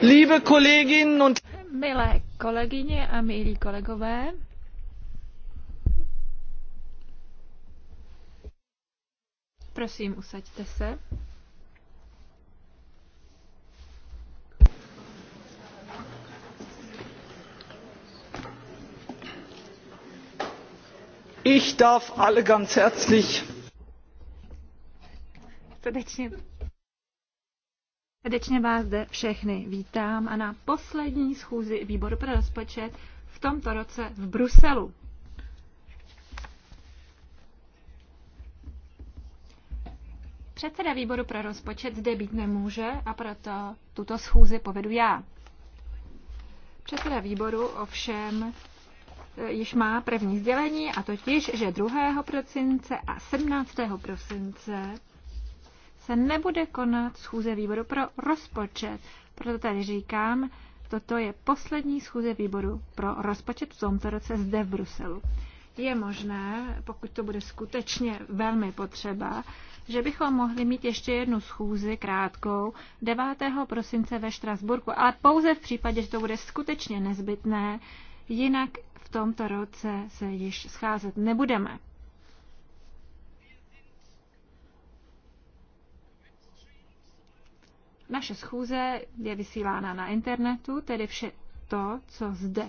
Liebe Kolleginnen und Milé kolegyně a milí kolegové, prosím, usaďte se. Ich darf alle ganz herzlich srdečně Srdečně vás zde všechny vítám a na poslední schůzi výboru pro rozpočet v tomto roce v Bruselu. Předseda výboru pro rozpočet zde být nemůže a proto tuto schůzi povedu já. Předseda výboru ovšem eh, již má první sdělení, a totiž, že 2. prosince a 17. prosince se nebude konat schůze výboru pro rozpočet. Proto tady říkám, toto je poslední schůze výboru pro rozpočet v tomto roce zde v Bruselu. Je možné, pokud to bude skutečně velmi potřeba, že bychom mohli mít ještě jednu schůzi krátkou 9. prosince ve Štrasburku, ale pouze v případě, že to bude skutečně nezbytné, jinak v tomto roce se již scházet nebudeme. Naše schůze je vysílána na internetu, tedy vše to, co zde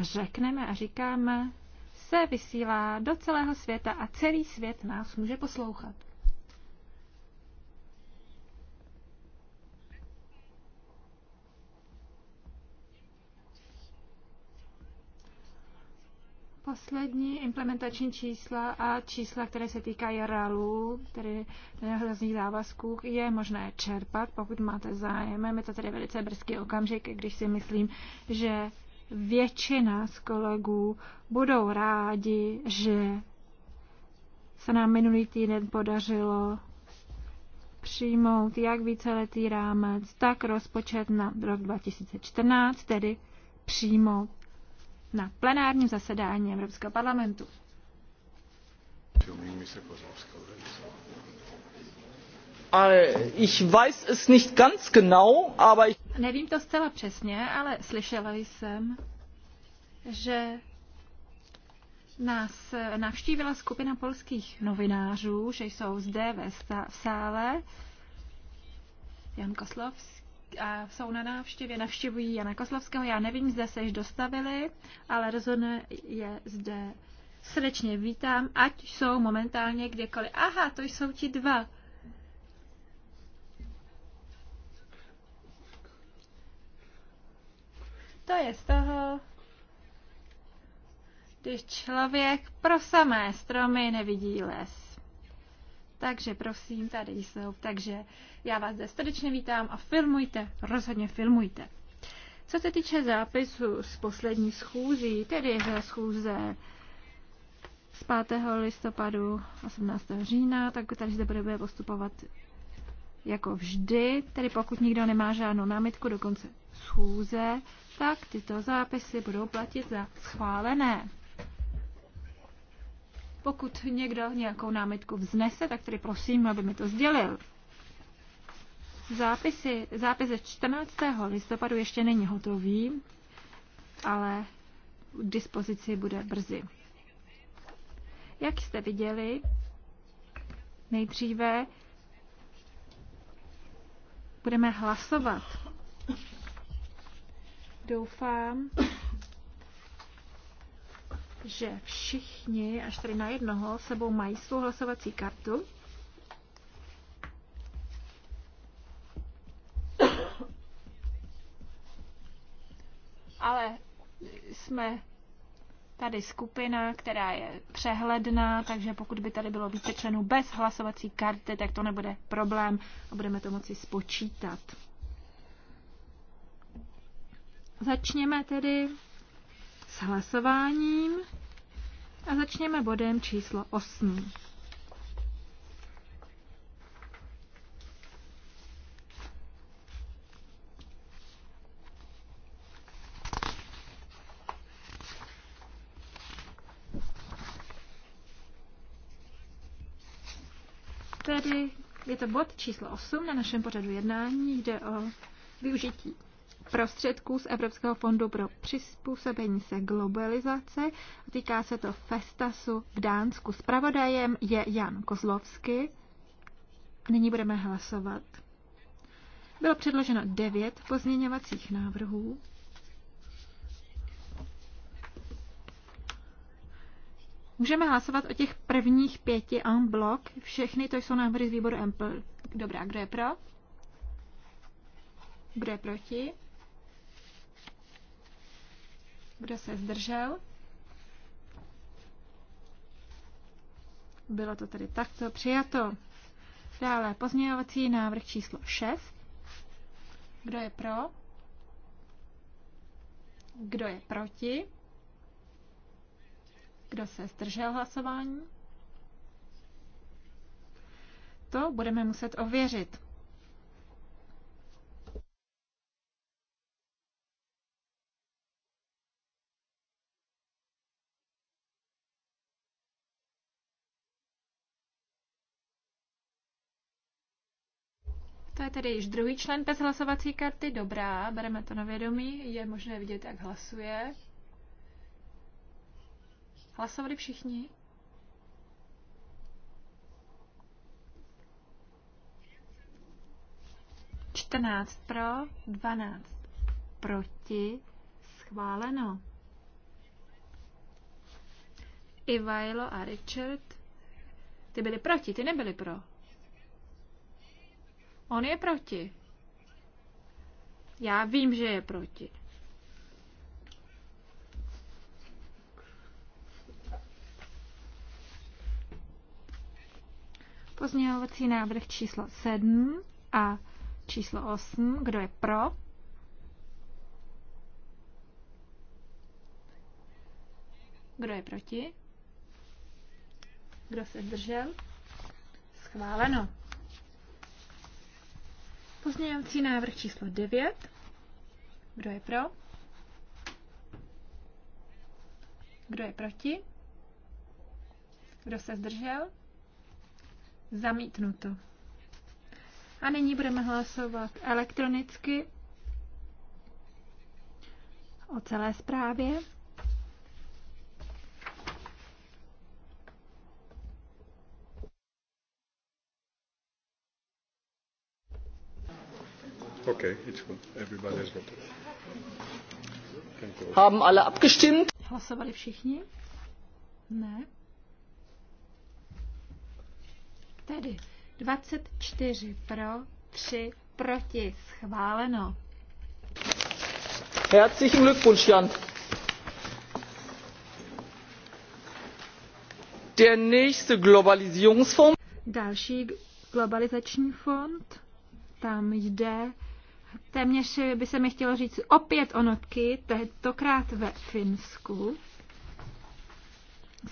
řekneme a říkáme, se vysílá do celého světa a celý svět nás může poslouchat. Poslední implementační čísla a čísla, které se týkají které tedy hrozných závazků, je možné čerpat, pokud máte zájem. Je to tedy velice brzký okamžik, když si myslím, že většina z kolegů budou rádi, že se nám minulý týden podařilo přijmout jak víceletý rámec, tak rozpočet na rok 2014, tedy přijmout na plenárním zasedání Evropského parlamentu. Ich weiß es nicht ganz genau, aber ich... Nevím to zcela přesně, ale slyšela jsem, že nás navštívila skupina polských novinářů, že jsou zde ve sále Jan Koslovský, a jsou na návštěvě, navštěvují Jana Koslovského. Já nevím, zda se již dostavili, ale rozhodně je zde srdečně vítám, ať jsou momentálně kdekoliv. Aha, to jsou ti dva. To je z toho, když člověk pro samé stromy nevidí les. Takže prosím, tady jsou. Takže já vás zde srdečně vítám a filmujte, rozhodně filmujte. Co se týče zápisu z poslední schůzí, tedy ze schůze z 5. listopadu 18. října, tak tady zde bude postupovat jako vždy, tedy pokud nikdo nemá žádnou námitku do konce schůze, tak tyto zápisy budou platit za schválené. Pokud někdo nějakou námitku vznese, tak tedy prosím, aby mi to sdělil. Zápisy, zápis ze 14. listopadu ještě není hotový, ale k dispozici bude brzy. Jak jste viděli, nejdříve budeme hlasovat. Doufám, že všichni, až tady na jednoho, sebou mají svou hlasovací kartu. Ale jsme tady skupina, která je přehledná, takže pokud by tady bylo více členů bez hlasovací karty, tak to nebude problém a budeme to moci spočítat. Začněme tedy hlasováním a začněme bodem číslo 8. Tedy je to bod číslo 8 na našem pořadu jednání, jde o využití prostředků z Evropského fondu pro přizpůsobení se globalizace. Týká se to Festasu v Dánsku. Spravodajem je Jan Kozlovsky. Nyní budeme hlasovat. Bylo předloženo devět pozměňovacích návrhů. Můžeme hlasovat o těch prvních pěti en blok. Všechny to jsou návrhy z výboru Ample. Dobrá, kdo je pro? Kdo je proti? Kdo se zdržel? Bylo to tedy takto přijato. Dále pozměňovací návrh číslo 6. Kdo je pro? Kdo je proti? Kdo se zdržel hlasování? To budeme muset ověřit. To je tedy již druhý člen bez hlasovací karty. Dobrá, bereme to na vědomí. Je možné vidět, jak hlasuje. Hlasovali všichni? Čtrnáct pro, dvanáct proti, schváleno. Ivajlo a Richard, ty byli proti, ty nebyli pro. On je proti. Já vím, že je proti. Pozměňovací návrh číslo 7 a číslo 8. Kdo je pro? Kdo je proti? Kdo se zdržel? Schváleno. Pozměňovací návrh číslo 9. Kdo je pro? Kdo je proti? Kdo se zdržel? Zamítnuto. A nyní budeme hlasovat elektronicky o celé zprávě. Okay, it's good. Everybody has got Haben alle abgestimmt? Hlasovali všichni? Ne. Tedy 24 pro, 3 proti. Schváleno. Herzlichen Glückwunsch, Jan. Der nächste Globalisierungsfonds. Další globalizační fond. Tam jde téměř by se mi chtělo říct opět notky. tentokrát ve Finsku.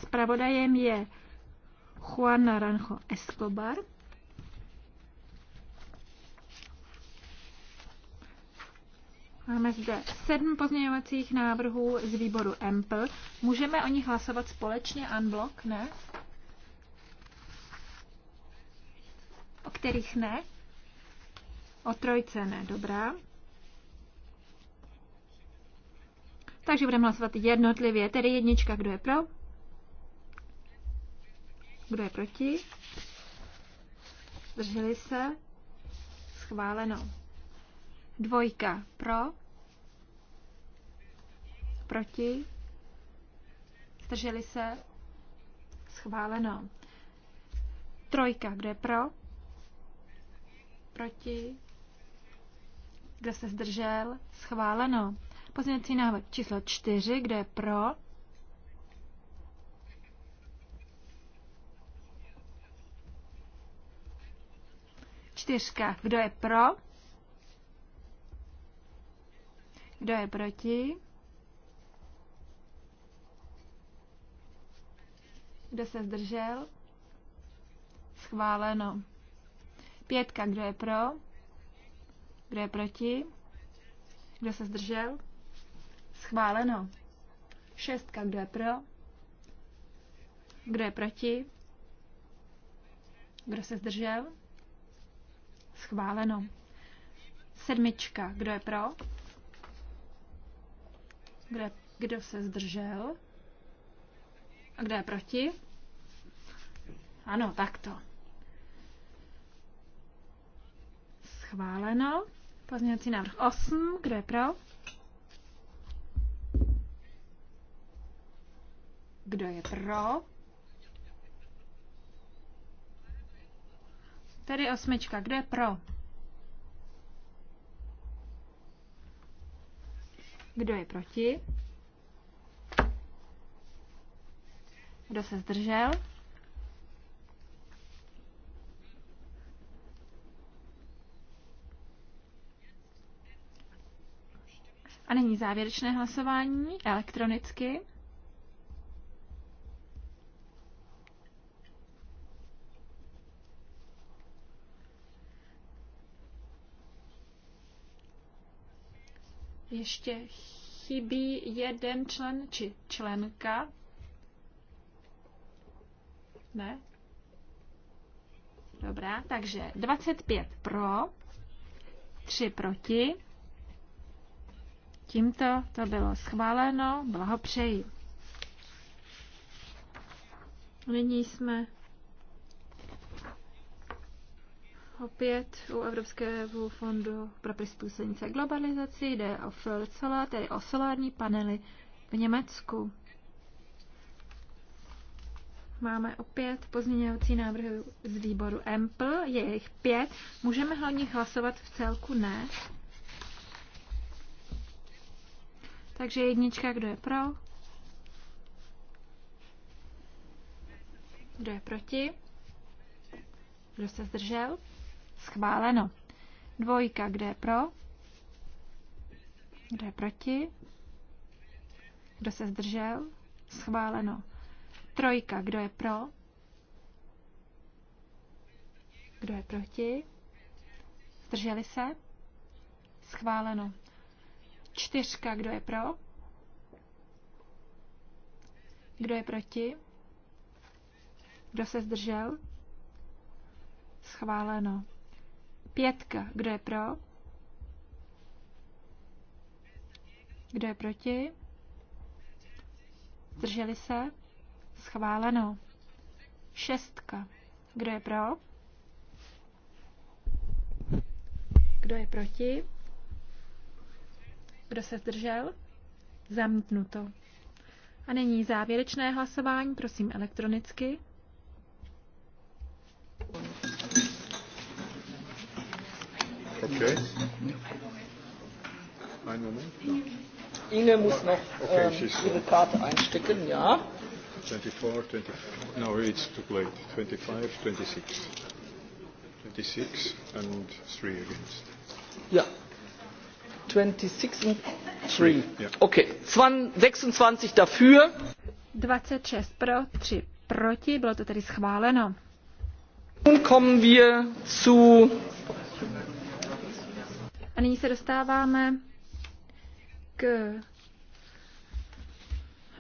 Spravodajem je Juan Naranjo Escobar. Máme zde sedm pozměňovacích návrhů z výboru EMPL. Můžeme o nich hlasovat společně unblock, ne? O kterých ne? O trojce ne, dobrá. Takže budeme hlasovat jednotlivě, tedy jednička, kdo je pro? Kdo je proti? Zdrželi se? Schváleno. Dvojka pro? Proti? Zdrželi se? Schváleno. Trojka, kdo je pro? Proti? Kdo se zdržel? Schváleno. Pozměňovací návrh číslo 4. Kdo je pro? Čtyřka. Kdo je pro? Kdo je proti? Kdo se zdržel? Schváleno. Pětka. Kdo je pro? Kdo je proti? Kdo se zdržel? Schváleno. Šestka, kdo je pro? Kdo je proti? Kdo se zdržel? Schváleno. Sedmička, kdo je pro? Kdo, je, kdo se zdržel? A kdo je proti? Ano, takto. Schváleno. Pozměňovací návrh 8. Kdo je pro? Kdo je pro? Tady osmička. Kdo je pro? Kdo je proti? Kdo se zdržel? A nyní závěrečné hlasování elektronicky. Ještě chybí jeden člen či členka. Ne? Dobrá, takže 25 pro, 3 proti. Tímto to bylo schváleno, blahopřeji. Nyní jsme opět u Evropského fondu pro přizpůsobení se globalizaci. Jde o Solar, tedy o solární panely v Německu. Máme opět pozměňovací návrhy z výboru EMPL, je jich pět. Můžeme o nich hlasovat v celku? Ne. Takže jednička, kdo je pro? Kdo je proti? Kdo se zdržel? Schváleno. Dvojka, kdo je pro? Kdo je proti? Kdo se zdržel? Schváleno. Trojka, kdo je pro? Kdo je proti? Zdrželi se? Schváleno. Čtyřka, kdo je pro? Kdo je proti? Kdo se zdržel? Schváleno. Pětka, kdo je pro? Kdo je proti? Zdrželi se? Schváleno. Šestka. Kdo je pro? Kdo je proti? Kdo se zdržel? Zamítnuto. A nyní závěrečné hlasování, prosím elektronicky. Okay. Einen Inge muss noch ähm, ihre Karte einstecken, ja. 24, 25, no, it's too late. 25, 26. 26 and 3 against. Ja, 26 dafür. 26 pro, 3 proti, bylo to tedy schváleno. Nun kommen wir zu a nyní se dostáváme k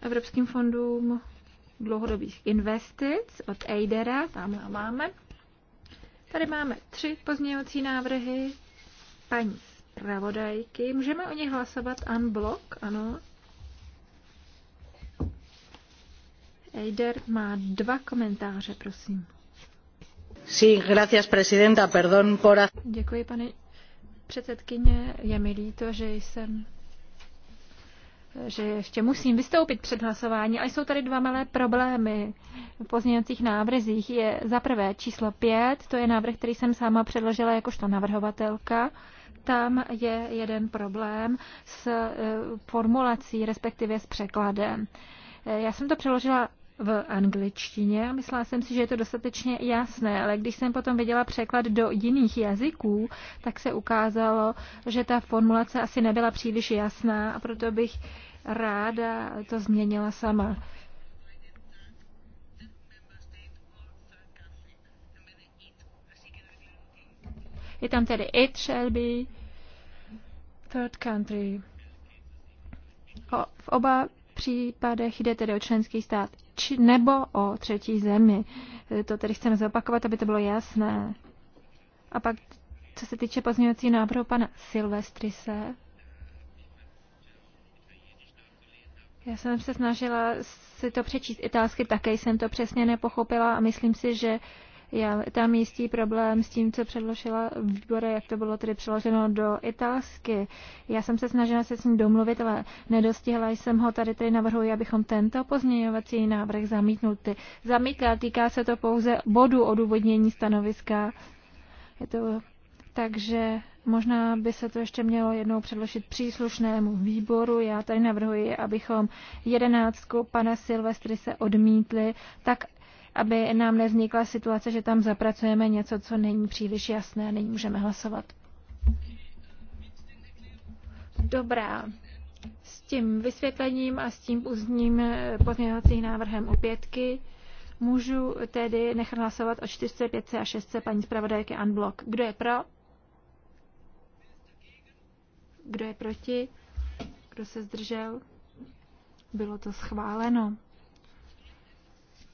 Evropským fondům dlouhodobých investic od Eidera, tam máme. Tady máme tři pozměňovací návrhy paní zpravodajky. Můžeme o nich hlasovat unblock, ano. Eider má dva komentáře, prosím. Sí, gracias, presidenta. Perdón por... Děkuji, pane předsedkyně. Je mi líto, že jsem že ještě musím vystoupit před hlasování, ale jsou tady dva malé problémy v pozměňovacích návrzích. Je za prvé číslo 5, to je návrh, který jsem sama předložila jakožto navrhovatelka tam je jeden problém s e, formulací, respektive s překladem. E, já jsem to přeložila v angličtině a myslela jsem si, že je to dostatečně jasné, ale když jsem potom viděla překlad do jiných jazyků, tak se ukázalo, že ta formulace asi nebyla příliš jasná a proto bych ráda to změnila sama. Je tam tedy it shall be third country. O, v oba případech jde tedy o členský stát či, nebo o třetí zemi. E, to tedy chceme zopakovat, aby to bylo jasné. A pak, co se týče pozměňovací návrhu pana Silvestrise, já jsem se snažila si to přečíst italsky, také jsem to přesně nepochopila a myslím si, že já tam jistý problém s tím, co předložila výbory, jak to bylo tedy přeloženo do italsky. Já jsem se snažila se s ním domluvit, ale nedostihla jsem ho. Tady tedy navrhuji, abychom tento pozměňovací návrh zamítnuty. Zamítla, týká se to pouze bodu odůvodnění stanoviska. Je to takže možná by se to ještě mělo jednou předložit příslušnému výboru. Já tady navrhuji, abychom jedenáctku pana Silvestry se odmítli, tak aby nám nevznikla situace, že tam zapracujeme něco, co není příliš jasné a není můžeme hlasovat. Dobrá. S tím vysvětlením a s tím úzním eh, pozměňovacím návrhem u pětky můžu tedy nechat hlasovat o 405 a 6 paní zpravodajky Unblock. Kdo je pro? Kdo je proti? Kdo se zdržel? Bylo to schváleno.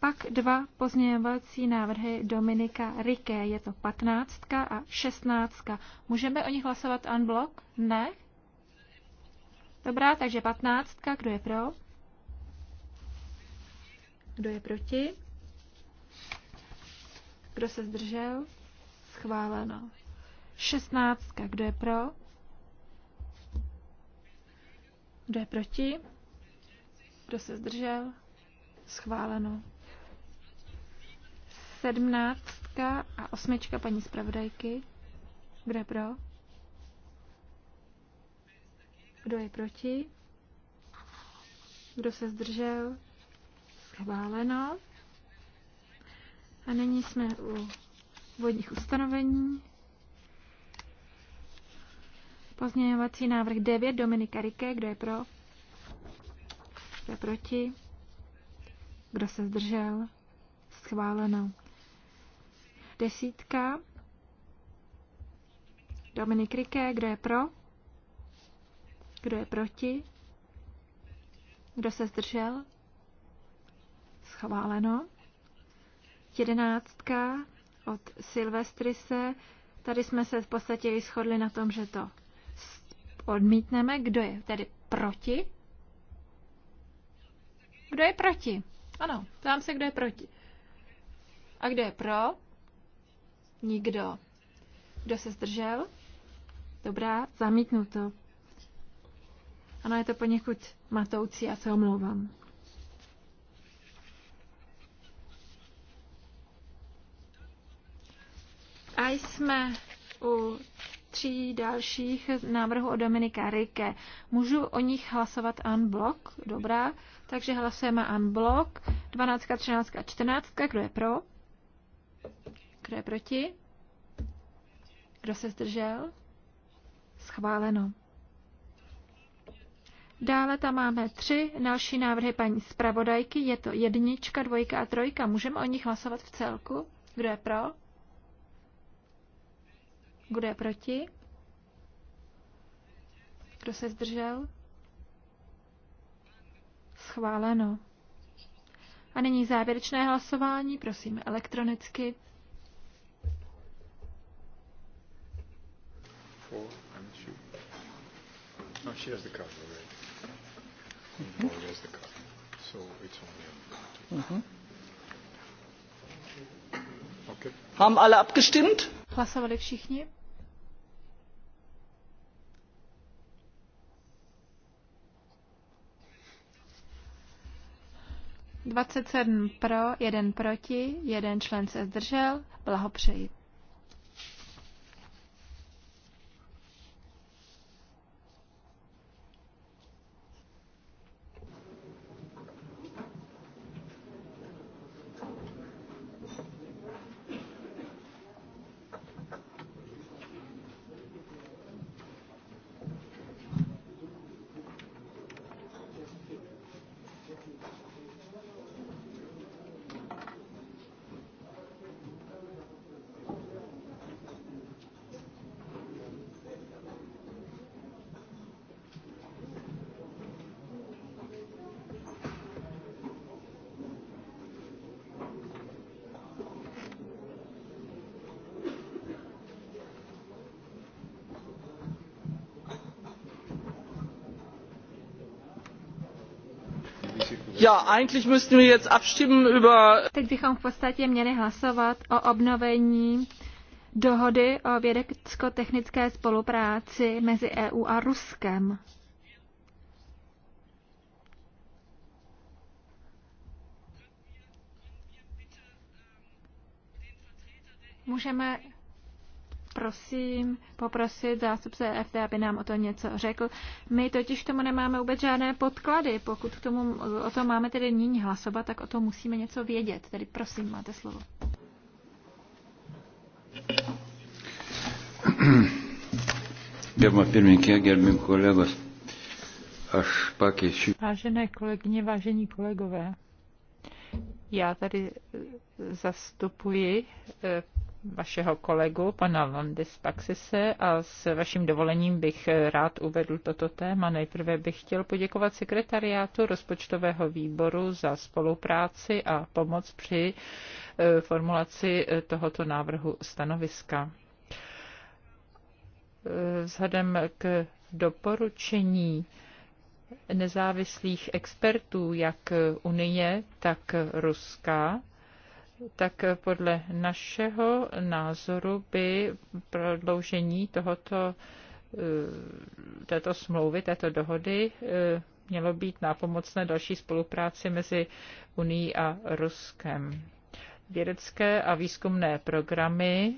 Pak dva pozměňovací návrhy Dominika Riké. Je to patnáctka a šestnáctka. Můžeme o nich hlasovat unblock? Ne? Dobrá, takže patnáctka. Kdo je pro? Kdo je proti? Kdo se zdržel? Schváleno. Šestnáctka. Kdo je pro? Kdo je proti? Kdo se zdržel? Schváleno. Sedmnáctka a osmička paní zpravodajky. Kdo je pro? Kdo je proti? Kdo se zdržel? Schváleno. A nyní jsme u vodních ustanovení. Pozměňovací návrh 9 Dominika Rike. Kdo je pro? Kdo je proti? Kdo se zdržel? Schváleno. Desítka. Dominik Riké, kdo je pro? Kdo je proti? Kdo se zdržel? Schváleno. Jedenáctka od Silvestrise. Tady jsme se v podstatě i shodli na tom, že to odmítneme. Kdo je tedy proti? Kdo je proti? Ano, ptám se, kdo je proti. A kdo je pro? Nikdo. Kdo se zdržel? Dobrá, zamítnuto. Ano, je to poněkud matoucí, já se omlouvám. A jsme u tří dalších návrhů o Dominika Rike. Můžu o nich hlasovat unblock? Dobrá. Takže hlasujeme unblock. 12, 13, 14. Kdo je pro? Kdo je proti? Kdo se zdržel? Schváleno. Dále tam máme tři další návrhy paní zpravodajky. Je to jednička, dvojka a trojka. Můžeme o nich hlasovat v celku? Kdo je pro? Kdo je proti? Kdo se zdržel? Schváleno. A nyní závěrečné hlasování, prosím, elektronicky. No, she has the card already. Mm-hmm. she has the card. So it's only on the mm-hmm. okay. Haben alle abgestimmt? Hlasovali všichni? Dvacet sedm pro, jeden proti, jeden člen se zdržel. Blahopřeji. Teď bychom v podstatě měli hlasovat o obnovení dohody o vědecko-technické spolupráci mezi EU a Ruskem. Můžeme prosím poprosit zástupce FD, aby nám o to něco řekl. My totiž k tomu nemáme vůbec žádné podklady. Pokud k tomu, o tom máme tedy nyní hlasovat, tak o tom musíme něco vědět. Tedy prosím, máte slovo. Vážené kolegyně, vážení kolegové, já tady zastupuji eh, vašeho kolegu, pana Landis Paxise, a s vaším dovolením bych rád uvedl toto téma. Nejprve bych chtěl poděkovat sekretariátu rozpočtového výboru za spolupráci a pomoc při e, formulaci e, tohoto návrhu stanoviska. E, vzhledem k doporučení nezávislých expertů, jak Unie, tak Ruska, tak podle našeho názoru by prodloužení tohoto, eh, této smlouvy, této dohody eh, mělo být nápomocné další spolupráci mezi Unii a Ruskem. Vědecké a výzkumné programy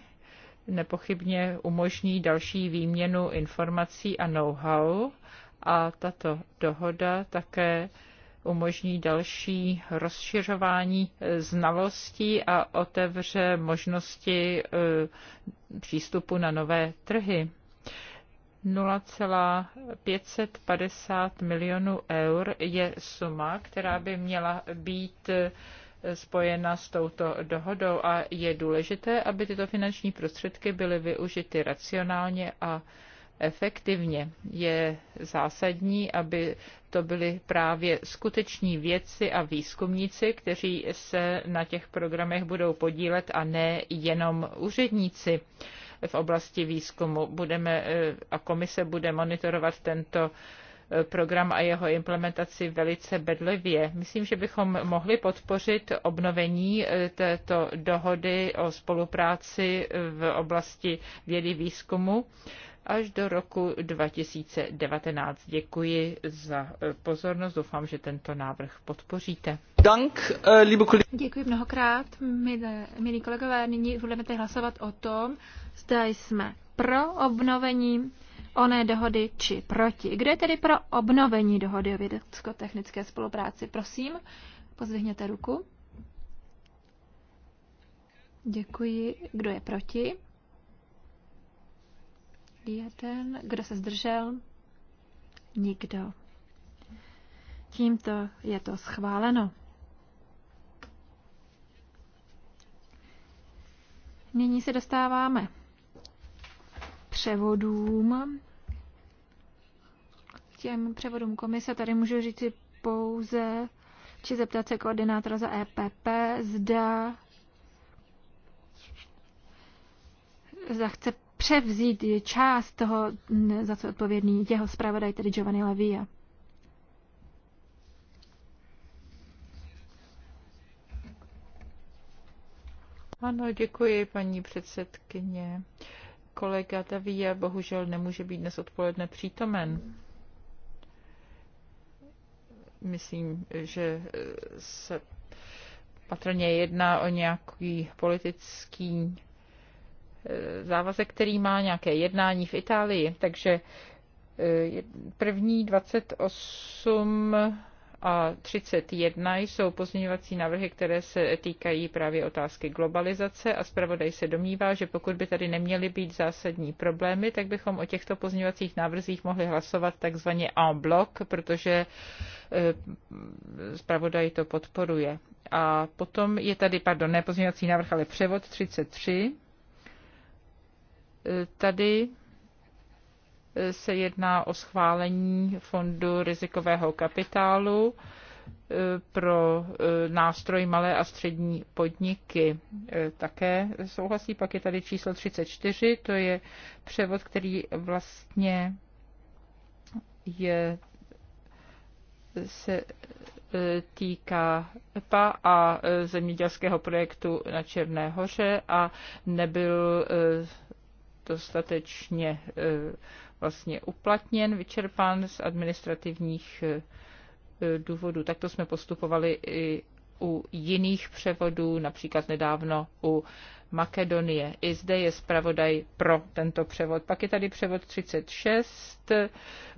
nepochybně umožní další výměnu informací a know-how a tato dohoda také umožní další rozšiřování eh, znalostí a otevře možnosti eh, přístupu na nové trhy. 0,550 milionů eur je suma, která by měla být eh, spojena s touto dohodou a je důležité, aby tyto finanční prostředky byly využity racionálně a efektivně. Je zásadní, aby to byly právě skuteční vědci a výzkumníci, kteří se na těch programech budou podílet a ne jenom úředníci v oblasti výzkumu. Budeme, eh, a komise bude monitorovat tento eh, program a jeho implementaci velice bedlivě. Myslím, že bychom mohli podpořit obnovení eh, této dohody o spolupráci v oblasti vědy výzkumu až do roku 2019. Děkuji za eh, pozornost. Doufám, že tento návrh podpoříte. Dank, eh, liebe Děkuji mnohokrát, milé, milí kolegové. Nyní budeme teď hlasovat o tom, zda jsme pro obnovení oné dohody či proti. Kdo je tedy pro obnovení dohody o vědecko-technické spolupráci? Prosím, pozvihněte ruku. Děkuji. Kdo je proti? Jeden. Kdo se zdržel? Nikdo. Tímto je to schváleno. Nyní se dostáváme převodům. Těm převodům komise tady můžu říci pouze, či zeptat se koordinátora za EPP, zda zda chce převzít část toho, mm, za co odpovědný jeho zpravodaj, tedy Giovanni Lavia. Ano, děkuji, paní předsedkyně. Kolega Tavia bohužel nemůže být dnes odpoledne přítomen. Myslím, že se patrně jedná o nějaký politický Eh, závazek, který má nějaké jednání v Itálii. Takže eh, první 28 a 31 jsou pozměňovací návrhy, které se týkají právě otázky globalizace a zpravodaj se domnívá, že pokud by tady neměly být zásadní problémy, tak bychom o těchto pozměňovacích návrzích mohli hlasovat takzvaně en bloc, protože eh, zpravodaj to podporuje. A potom je tady, pardon, ne pozměňovací návrh, ale převod 33 Tady eh, se jedná o schválení fondu rizikového kapitálu eh, pro eh, nástroj malé a střední podniky. Také souhlasí, pak je tady číslo 34, to je převod, který vlastně je, se týká EPA a zemědělského projektu na Černé hoře a nebyl dostatečně e, vlastně uplatněn, vyčerpán z administrativních e, e, důvodů. Takto jsme postupovali i u jiných převodů, například nedávno u Makedonie. I zde je zpravodaj pro tento převod. Pak je tady převod 36,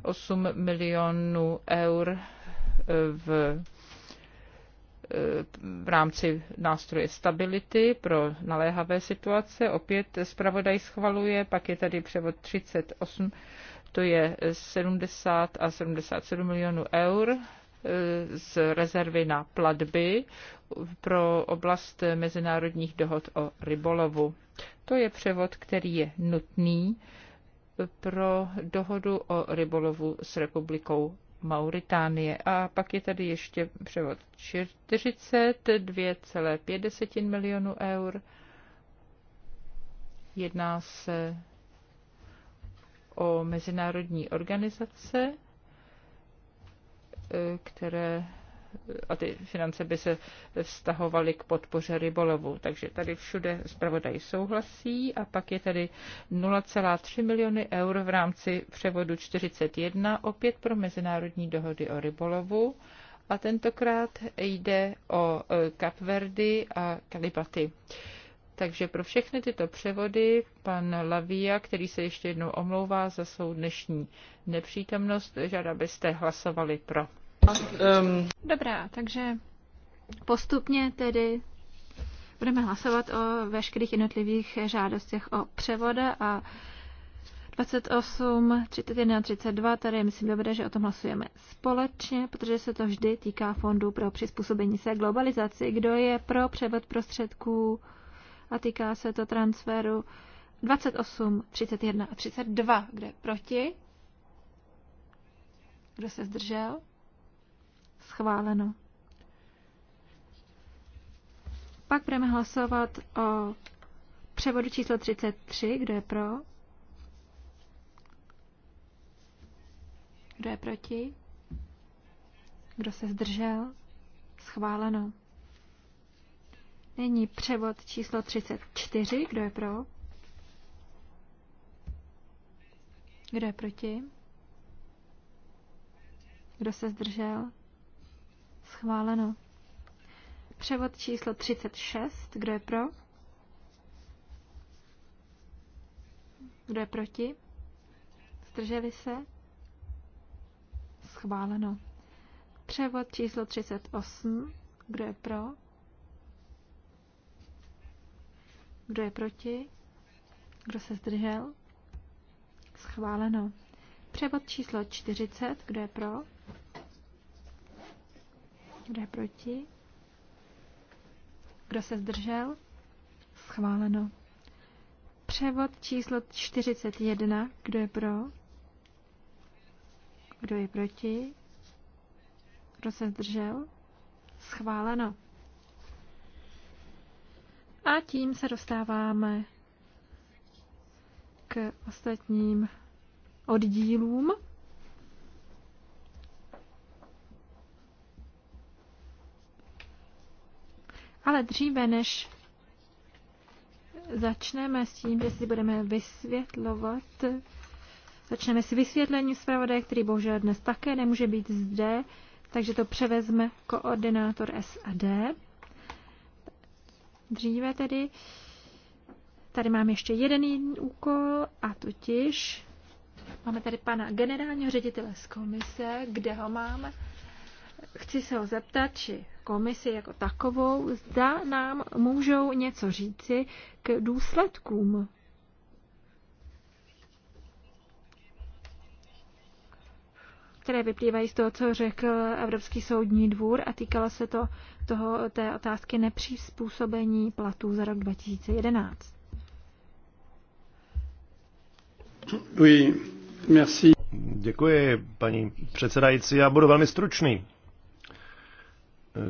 8 milionů eur v v rámci nástroje stability pro naléhavé situace. Opět zpravodaj schvaluje, pak je tady převod 38, to je 70 a 77 milionů eur eh, z rezervy na platby pro oblast mezinárodních dohod o rybolovu. To je převod, který je nutný pro dohodu o rybolovu s republikou Mauritánie. A pak je tady ještě převod 42,5 milionů eur. Jedná se o mezinárodní organizace, e, které a ty finance by se vztahovaly k podpoře rybolovu. Takže tady všude zpravodaj souhlasí a pak je tady 0,3 miliony eur v rámci převodu 41, opět pro mezinárodní dohody o rybolovu a tentokrát jde o Kapverdy e, a Kalibaty. Takže pro všechny tyto převody pan Lavia, který se ještě jednou omlouvá za svou dnešní nepřítomnost, žádá byste hlasovali pro. Um. Dobrá, takže postupně tedy budeme hlasovat o veškerých jednotlivých žádostech o převode a 28, 31 a 32, tady myslím dobré, že o tom hlasujeme společně, protože se to vždy týká fondu pro přizpůsobení se globalizaci, kdo je pro převod prostředků a týká se to transferu 28, 31 a 32, kde proti, kdo se zdržel. Schváleno. Pak budeme hlasovat o převodu číslo 33. Kdo je pro? Kdo je proti? Kdo se zdržel? Schváleno. Nyní převod číslo 34. Kdo je pro? Kdo je proti? Kdo se zdržel? Schváleno. Převod číslo 36. Kdo je pro? Kdo je proti? Zdrželi se? Schváleno. Převod číslo 38. Kdo je pro? Kdo je proti? Kdo se zdržel? Schváleno. Převod číslo 40. Kdo je pro? Kdo je proti? Kdo se zdržel? Schváleno. Převod číslo 41. Kdo je pro? Kdo je proti? Kdo se zdržel? Schváleno. A tím se dostáváme k ostatním oddílům. Ale dříve, než začneme s tím, že si budeme vysvětlovat, začneme s vysvětlením zpravodaje, který bohužel dnes také nemůže být zde, takže to převezme koordinátor SAD. Dříve tedy, tady mám ještě jeden úkol a totiž máme tady pana generálního ředitele z komise, kde ho máme. Chci se ho zeptat, či komisi jako takovou, zda nám můžou něco říci k důsledkům které vyplývají z toho, co řekl Evropský soudní dvůr a týkalo se to toho, té otázky nepřizpůsobení platů za rok 2011. Děkuji, paní předsedající. Já budu velmi stručný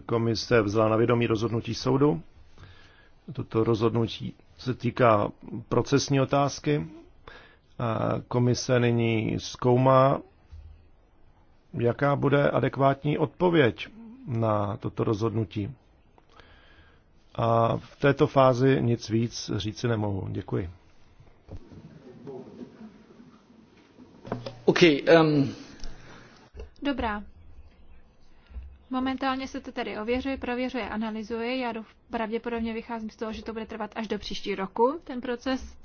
komise vzala na vědomí rozhodnutí soudu. Toto rozhodnutí se týká procesní otázky. A komise nyní zkoumá, jaká bude adekvátní odpověď na toto rozhodnutí. A v této fázi nic víc říci nemohu. Děkuji. Okay, um... Dobrá, Momentálně se to tedy ověřuje, prověřuje, analyzuje. Já do pravděpodobně vycházím z toho, že to bude trvat až do příští roku, ten proces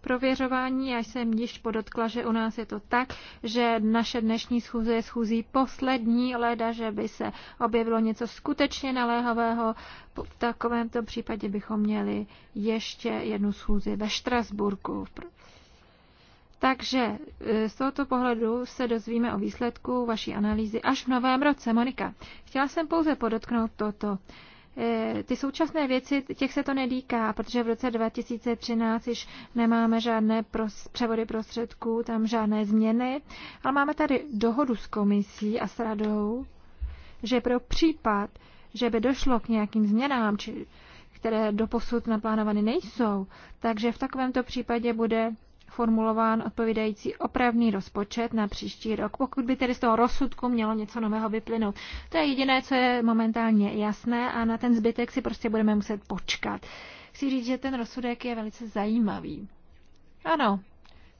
prověřování. Já jsem již podotkla, že u nás je to tak, že naše dnešní schůze je schůzí poslední, leda, že by se objevilo něco skutečně naléhavého. V takovémto případě bychom měli ještě jednu schůzi ve Štrasburku. Takže e, z tohoto pohledu se dozvíme o výsledku vaší analýzy až v novém roce. Monika, chtěla jsem pouze podotknout toto. E, ty současné věci, těch se to nedýká, protože v roce 2013 již nemáme žádné pros- převody prostředků, tam žádné změny, ale máme tady dohodu s komisí a s radou, že pro případ, že by došlo k nějakým změnám, či které doposud naplánovány nejsou, takže v takovémto případě bude formulován odpovídající opravný rozpočet na příští rok, pokud by tedy z toho rozsudku mělo něco nového vyplynout. To je jediné, co je momentálně jasné a na ten zbytek si prostě budeme muset počkat. Chci říct, že ten rozsudek je velice zajímavý. Ano,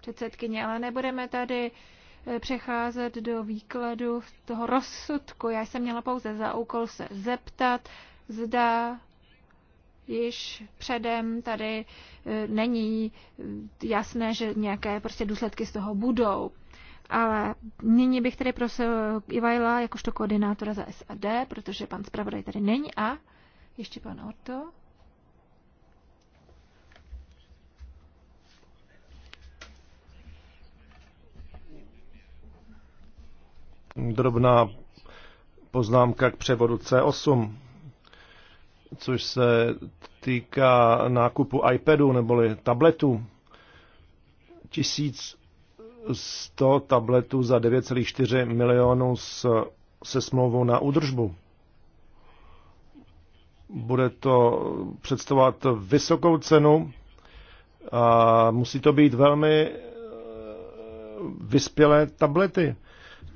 předsedkyně, ale nebudeme tady eh, přecházet do výkladu toho rozsudku. Já jsem měla pouze za úkol se zeptat, zda již předem tady e, není e, jasné, že nějaké prostě důsledky z toho budou. Ale nyní bych tedy prosil Ivajla jakožto koordinátora za SAD, protože pan zpravodaj tady není a ještě pan Orto. Drobná poznámka k převodu C8 což se týká nákupu iPadu neboli tabletu. 1100 tabletů za 9,4 milionů s, se smlouvou na údržbu. Bude to představovat vysokou cenu a musí to být velmi eh, vyspělé tablety.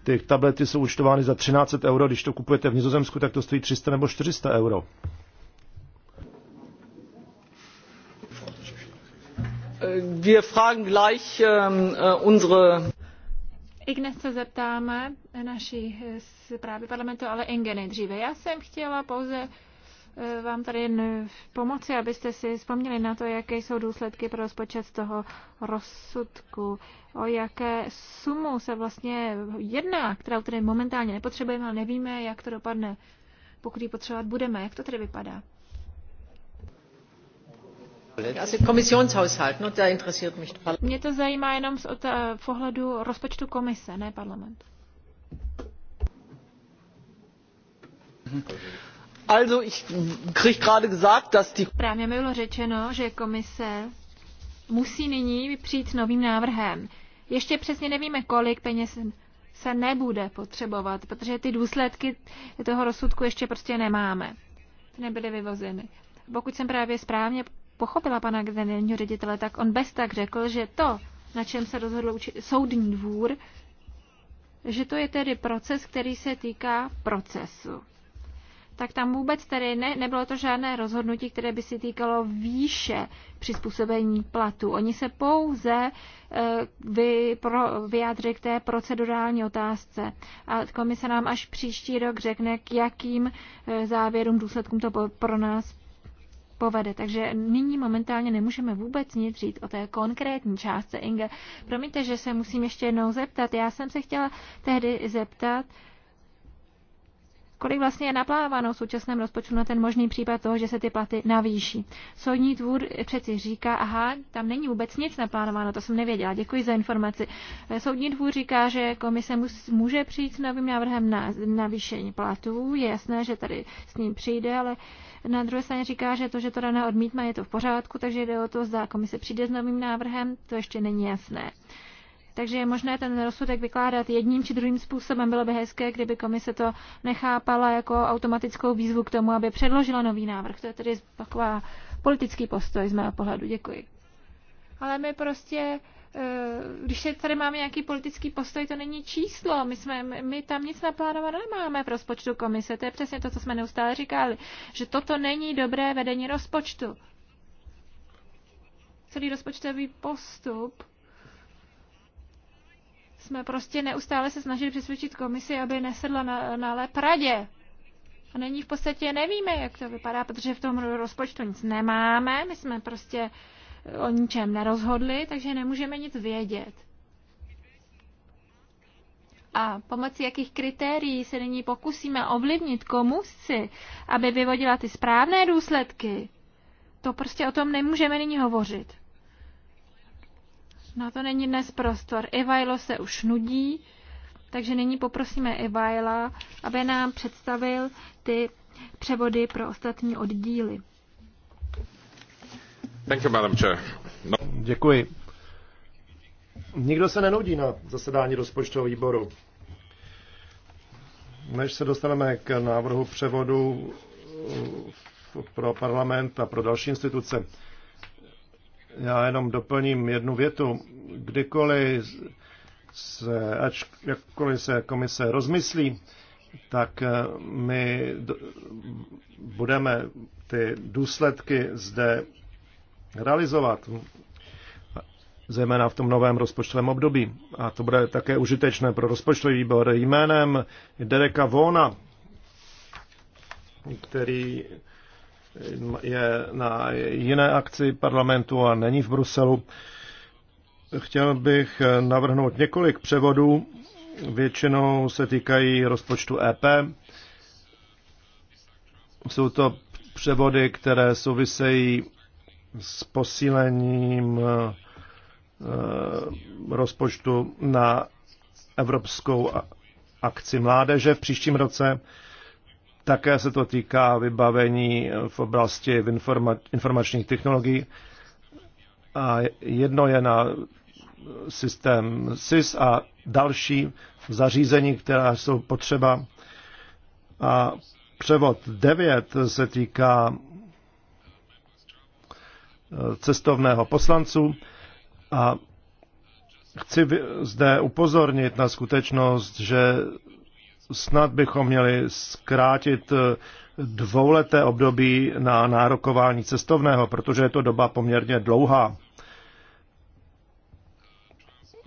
Ty tablety jsou účtovány za 13 euro, když to kupujete v Nizozemsku, tak to stojí 300 nebo 400 euro. Äh, wir fragen gleich ähm, äh, unsere i dnes se zeptáme naší eh, zprávy parlamentu, ale Inge nejdříve. Já jsem chtěla pouze eh, vám tady jen pomoci, abyste si vzpomněli na to, jaké jsou důsledky pro rozpočet z toho rozsudku, o jaké sumu se vlastně jedná, kterou tedy momentálně nepotřebujeme, ale nevíme, jak to dopadne, pokud ji potřebovat budeme. Jak to tedy vypadá? Mě to zajímá jenom z pohledu rozpočtu komise, ne parlamentu. Also ich krieg gerade gesagt, dass die Právě mi bylo řečeno, že komise musí nyní přijít s novým návrhem. Ještě přesně nevíme, kolik peněz se nebude potřebovat, protože ty důsledky toho rozsudku ještě prostě nemáme. Nebyly vyvozeny. Pokud jsem právě správně pochopila pana generálního ředitele, tak on bez tak řekl, že to, na čem se rozhodl soudní dvůr, že to je tedy proces, který se týká procesu. Tak tam vůbec tedy ne, nebylo to žádné rozhodnutí, které by se týkalo výše přizpůsobení platu. Oni se pouze e, vy, pro, vyjádřili k té procedurální otázce. A komise nám až příští rok řekne, k jakým e, závěrům, důsledkům to pro nás povede. Takže nyní momentálně nemůžeme vůbec nic říct o té konkrétní částce. Inge, promiňte, že se musím ještě jednou zeptat. Já jsem se chtěla tehdy zeptat, kolik vlastně je naplánováno v současném rozpočtu na ten možný případ toho, že se ty platy navýší. Soudní dvůr přeci říká, aha, tam není vůbec nic naplánováno, to jsem nevěděla, děkuji za informaci. Soudní dvůr říká, že komise může přijít s novým návrhem na navýšení platů, je jasné, že tady s ním přijde, ale na druhé straně říká, že to, že to rana odmítma, je to v pořádku, takže jde o to, zda komise přijde s novým návrhem, to ještě není jasné. Takže je možné ten rozsudek vykládat jedním či druhým způsobem. Bylo by hezké, kdyby komise to nechápala jako automatickou výzvu k tomu, aby předložila nový návrh. To je tedy taková politický postoj z mého pohledu. Děkuji. Ale my prostě Eh, když tady máme nějaký politický postoj, to není číslo. My, jsme, my tam nic naplánováno nemáme v rozpočtu komise. To je přesně to, co jsme neustále říkali, že toto není dobré vedení rozpočtu. Celý rozpočtový postup jsme prostě neustále se snažili přesvědčit komisi, aby nesedla na, na lep radě. A není v podstatě nevíme, jak to vypadá, protože v tom rozpočtu nic nemáme. My jsme prostě uh, o ničem nerozhodli, takže nemůžeme nic vědět. A pomocí jakých kritérií se nyní pokusíme ovlivnit komusci, aby vyvodila ty správné důsledky, to prostě o tom nemůžeme nyní hovořit. No to není dnes prostor. Ivajlo se už nudí, takže nyní poprosíme Ivajla, aby nám představil ty převody pro ostatní oddíly. Thank you, Madam Chair. No. Děkuji. Nikdo se nenudí na zasedání rozpočtového výboru. Než se dostaneme k návrhu převodu eh, pro parlament a pro další instituce, já jenom doplním jednu větu. Kdykoliv se, ač, jakkoliv se komise rozmyslí, tak eh, my budeme ty důsledky zde realizovat, zejména v tom novém rozpočtovém období. A to bude také užitečné pro rozpočtový výbor jménem Dereka Vona, který je na jiné akci parlamentu a není v Bruselu. Chtěl bych navrhnout několik převodů, většinou se týkají rozpočtu EP. Jsou to převody, které souvisejí s posílením eh, eh, rozpočtu na Evropskou akci mládeže v příštím roce. Také se to týká vybavení v oblasti informačních technologií. A jedno je na systém SIS a další zařízení, která jsou potřeba. A převod 9 se týká cestovného poslanců a chci zde upozornit na skutečnost, že snad bychom měli zkrátit eh, dvouleté období na nárokování cestovného, protože je to doba poměrně dlouhá.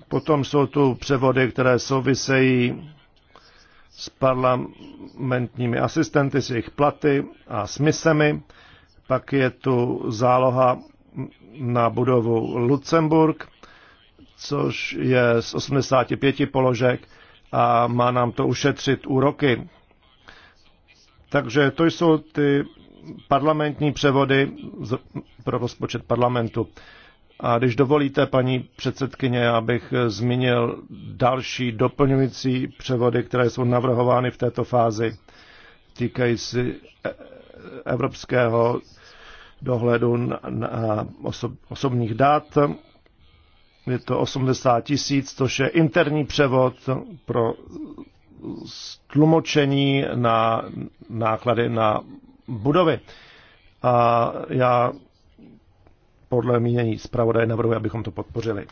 Potom jsou tu převody, které souvisejí s parlamentními asistenty, s jejich platy a smysemi. Pak je tu záloha na budovu Lucemburg, což je z 85 položek a má nám to ušetřit úroky. Takže to jsou ty parlamentní převody pro rozpočet parlamentu. A když dovolíte, paní předsedkyně, abych zmínil další doplňující převody, které jsou navrhovány v této fázi, týkají si e- e- Evropského dohledu na, na osob, osobních dat. Je to 80 tisíc, což je interní převod pro tlumočení na náklady na budovy. A já podle mínění zpravodaje navrhuji, abychom to podpořili.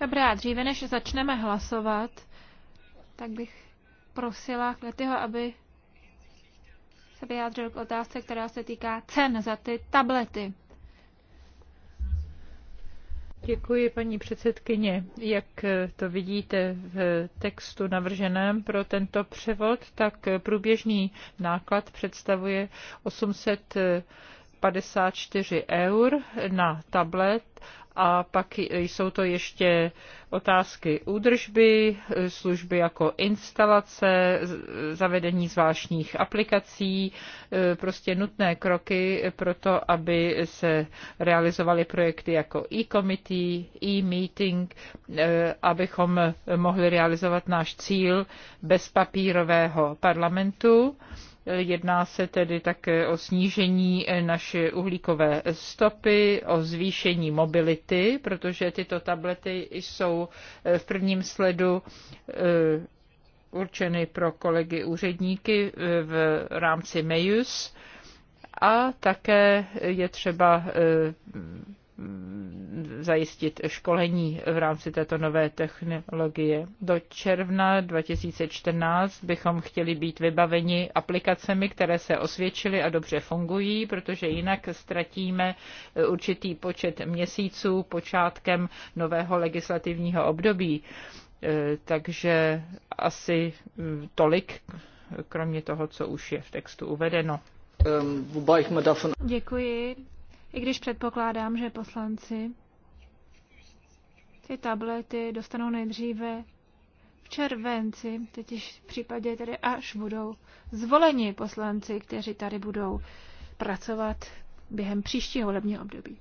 Dobrá, dříve než začneme hlasovat, tak bych prosila Kletyho, aby se vyjádřil k otázce, která se týká cen za ty tablety. Děkuji, paní předsedkyně. Jak to vidíte v textu navrženém pro tento převod, tak průběžný náklad představuje 854 eur na tablet a pak jsou to ještě otázky údržby, služby jako instalace, zavedení zvláštních aplikací, e, prostě nutné kroky pro to, aby se realizovaly projekty jako e-committee, e-meeting, e, abychom mohli realizovat náš cíl bezpapírového parlamentu Jedná se tedy také o snížení eh, naše uhlíkové stopy, o zvýšení mobility, protože tyto tablety jsou eh, v prvním sledu eh, určeny pro kolegy úředníky v rámci Mejus, a také je třeba Mm, zajistit školení v rámci této nové technologie. Do června 2014 bychom chtěli být vybaveni aplikacemi, které se osvědčily a dobře fungují, protože jinak ztratíme eh, určitý počet měsíců počátkem nového legislativního období. Eh, takže asi mm, tolik, kromě toho, co už je v textu uvedeno. Ehm, Děkuji i když předpokládám, že poslanci ty tablety dostanou nejdříve v červenci, teď v případě tedy až budou zvoleni poslanci, kteří tady budou pracovat během příštího volebního období.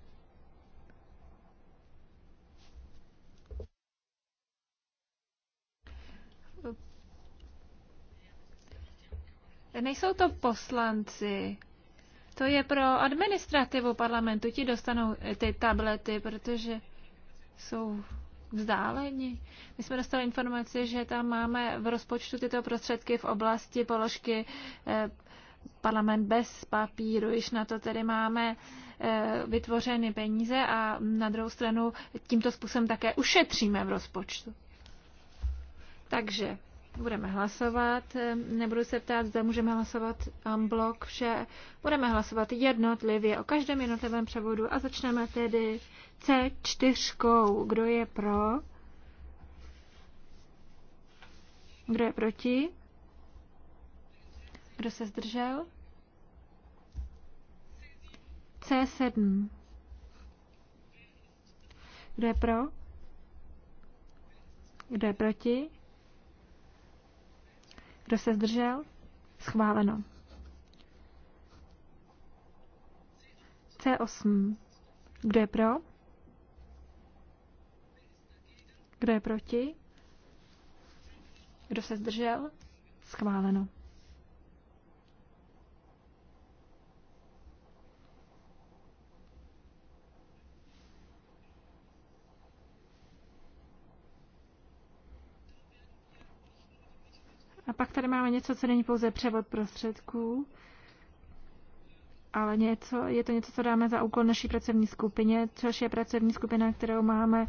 Nejsou to poslanci, to je pro administrativu parlamentu. Ti dostanou ty tablety, protože jsou vzdáleni. My jsme dostali informaci, že tam máme v rozpočtu tyto prostředky v oblasti položky eh, parlament bez papíru, již na to tedy máme eh, vytvořeny peníze a na druhou stranu tímto způsobem také ušetříme v rozpočtu. Takže Budeme hlasovat, nebudu se ptát, zda můžeme hlasovat blok vše. Budeme hlasovat jednotlivě o každém jednotlivém převodu a začneme tedy C4. Kdo je pro? Kdo je proti? Kdo se zdržel? C7. Kdo je pro? Kdo je proti? Kdo se zdržel? Schváleno. C8. Kdo je pro? Kdo je proti? Kdo se zdržel? Schváleno. A pak tady máme něco, co není pouze převod prostředků, ale něco, je to něco, co dáme za úkol naší pracovní skupině, což je pracovní skupina, kterou máme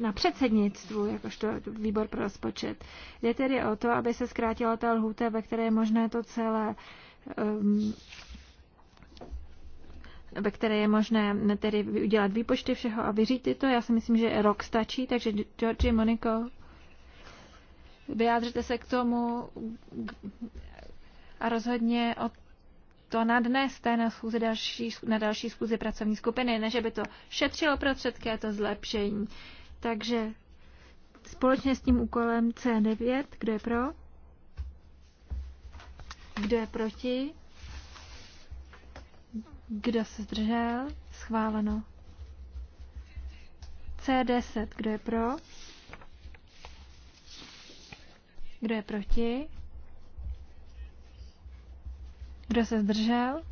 na předsednictvu, jakožto výbor pro rozpočet. Jde tedy o to, aby se zkrátila ta lhůta, ve které je možné to celé um, ve které je možné tedy udělat výpočty všeho a vyřídit to. Já si myslím, že rok stačí, takže Georgi, Moniko, vyjádřete se k tomu a rozhodně o to nadneste na, schůzi další, na další schůzi pracovní skupiny, než by to šetřilo prostředky a to zlepšení. Takže společně s tím úkolem C9, kdo je pro? Kdo je proti? Kdo se zdržel? Schváleno. C10, kdo je pro? Kdo je proti? Kdo se zdržel?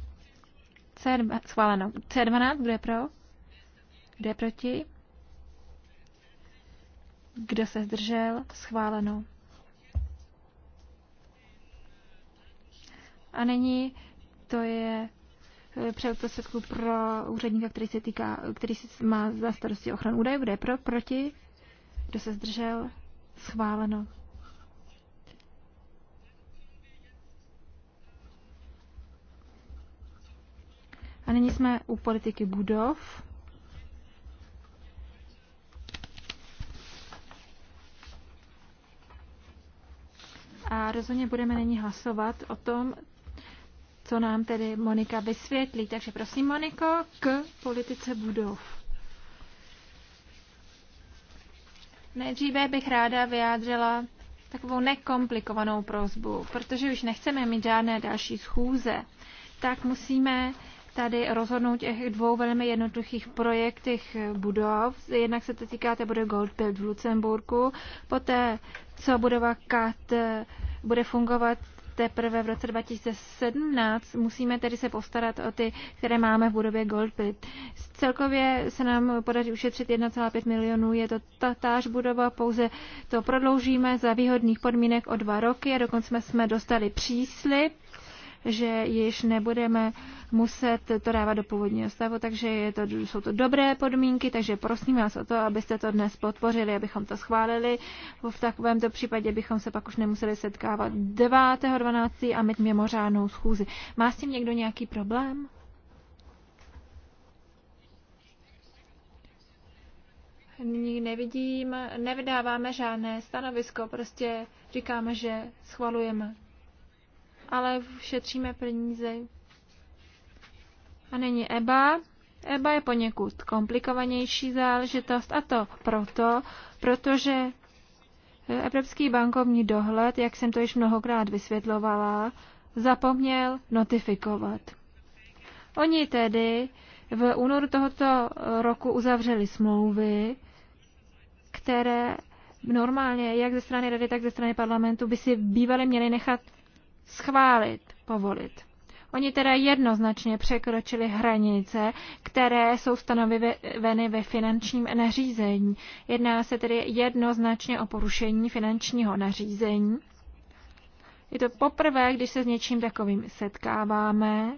c 12 schváleno. C12, kdo je pro? Kdo je proti? Kdo se zdržel? Schváleno. A nyní to je eh, převod pro úředníka, který se týká, který se má za starosti ochranu údajů, Kdo je pro, proti, kdo se zdržel, schváleno. A nyní jsme u politiky budov. A rozhodně budeme nyní hlasovat o tom, co nám tedy Monika vysvětlí. Takže prosím, Moniko, k politice budov. Nejdříve bych ráda vyjádřila takovou nekomplikovanou prozbu, protože už nechceme mít žádné další schůze, tak musíme tady rozhodnout těch dvou velmi jednoduchých projektech budov. Jednak se to týká té bude Goldfield v Lucemburku, poté co budova KAT bude fungovat teprve v roce 2017. Musíme tedy se postarat o ty, které máme v budově Goldpit. Celkově se nám podaří ušetřit 1,5 milionů. Je to tatáž budova, pouze to prodloužíme za výhodných podmínek o dva roky a dokonce jsme dostali příslip že již nebudeme muset to dávat do původního stavu, takže je to, jsou to dobré podmínky, takže prosím vás o to, abyste to dnes podpořili, abychom to schválili. V takovémto případě bychom se pak už nemuseli setkávat 9.12. a mít mimořádnou schůzi. Má s tím někdo nějaký problém? nyní nevidím, nevydáváme žádné stanovisko, prostě říkáme, že schvalujeme ale šetříme peníze. A není EBA. EBA je poněkud komplikovanější záležitost a to proto, protože Evropský bankovní dohled, jak jsem to již mnohokrát vysvětlovala, zapomněl notifikovat. Oni tedy v únoru tohoto roku uzavřeli smlouvy, které normálně jak ze strany rady, tak ze strany parlamentu by si bývaly měly nechat schválit, povolit. Oni teda jednoznačně překročili hranice, které jsou stanoveny ve finančním nařízení. Jedná se tedy jednoznačně o porušení finančního nařízení. Je to poprvé, když se s něčím takovým setkáváme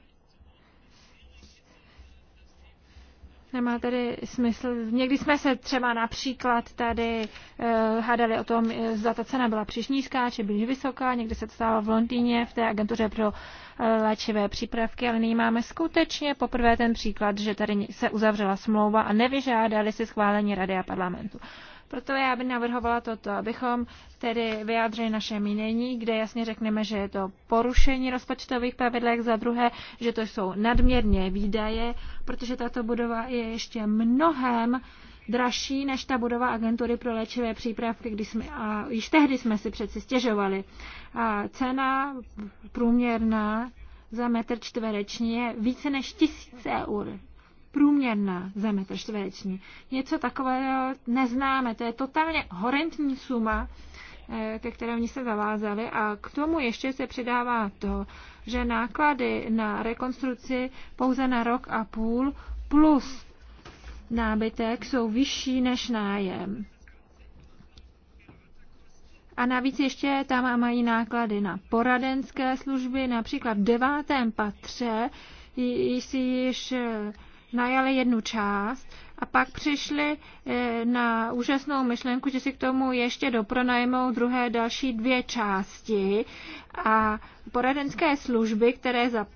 Nemá tady smysl. Někdy jsme se třeba například tady uh, hádali o tom, eh, zda ta cena byla příliš nízká či příliš vysoká. Někdy se to stalo v Londýně v té agentuře pro eh, léčivé přípravky, ale nyní máme skutečně poprvé ten příklad, že tady se uzavřela smlouva a nevyžádali si schválení Rady a parlamentu. Proto já bych navrhovala toto, abychom tedy vyjádřili naše mínění, kde jasně řekneme, že je to porušení rozpočtových pravidlech, za druhé, že to jsou nadměrně výdaje, protože tato budova je ještě mnohem dražší než ta budova agentury pro léčivé přípravky, když jsme, a již tehdy jsme si přeci stěžovali. A cena průměrná za metr čtvereční je více než tisíc eur průměrná metr čtvereční. Něco takového neznáme, to je totálně horentní suma, eh, ke které oni se zavázali a k tomu ještě se přidává to, že náklady na rekonstrukci pouze na rok a půl plus nábytek jsou vyšší než nájem. A navíc ještě tam mají náklady na poradenské služby, například v devátém patře si již eh, najali jednu část a pak přišli eh, na úžasnou myšlenku, že si k tomu ještě dopronajmou druhé další dvě části a poradenské služby, které za,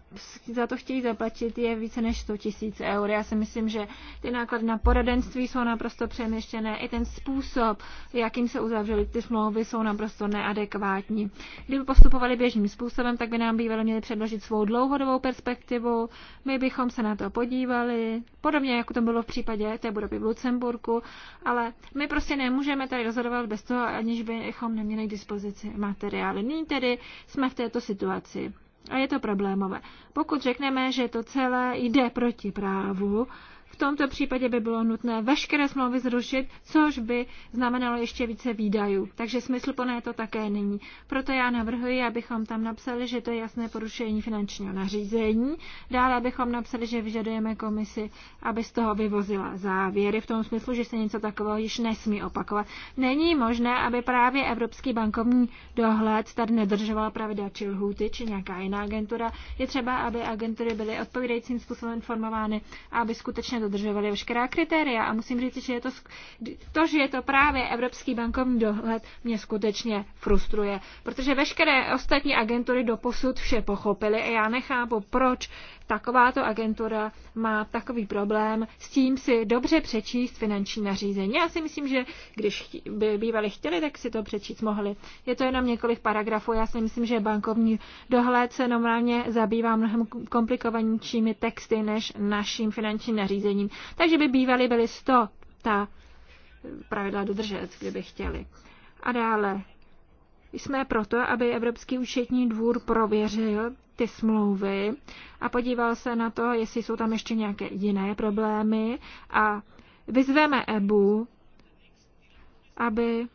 za to chtějí zaplatit, je více než 100 tisíc eur. Já si myslím, že ty náklady na poradenství jsou naprosto přeměštěné. I ten způsob, jakým se uzavřely ty smlouvy, jsou naprosto neadekvátní. Kdyby postupovali běžným způsobem, tak by nám bývalo měli předložit svou dlouhodobou perspektivu. My bychom se na to podívali, podobně jako to bylo v případě té budovy v Lucemburku, ale my prostě nemůžeme tady rozhodovat bez toho, aniž bychom neměli k dispozici materiály. Nyní tedy jsme v této situaci. A je to problémové. Pokud řekneme, že to celé jde proti právu, v tomto případě by bylo nutné veškeré smlouvy zrušit, což by znamenalo ještě více výdajů. Takže smysluplné to také není. Proto já navrhuji, abychom tam napsali, že to je jasné porušení finančního nařízení. Dále abychom napsali, že vyžadujeme komisi, aby z toho vyvozila závěry v tom smyslu, že se něco takového již nesmí opakovat. Není možné, aby právě Evropský bankovní dohled tady nedržoval pravidla či lhůty, či nějaká jiná agentura. Je třeba, aby agentury byly odpovídajícím způsobem informovány, aby skutečně dodržovali veškerá kritéria. A musím říct, že je to, to, že je to právě Evropský bankovní dohled, mě skutečně frustruje, protože veškeré ostatní agentury doposud vše pochopily a já nechápu, proč takováto agentura má takový problém, s tím si dobře přečíst finanční nařízení. Já si myslím, že když by bývali chtěli, tak si to přečíst mohli. Je to jenom několik paragrafů. Já si myslím, že bankovní dohled se normálně zabývá mnohem komplikovanějšími texty než naším finančním nařízením. Takže by bývali byli 100 ta pravidla dodržet, kdyby chtěli. A dále jsme proto, aby Evropský účetní dvůr prověřil ty smlouvy a podíval se na to, jestli jsou tam ještě nějaké jiné problémy a vyzveme EBU, aby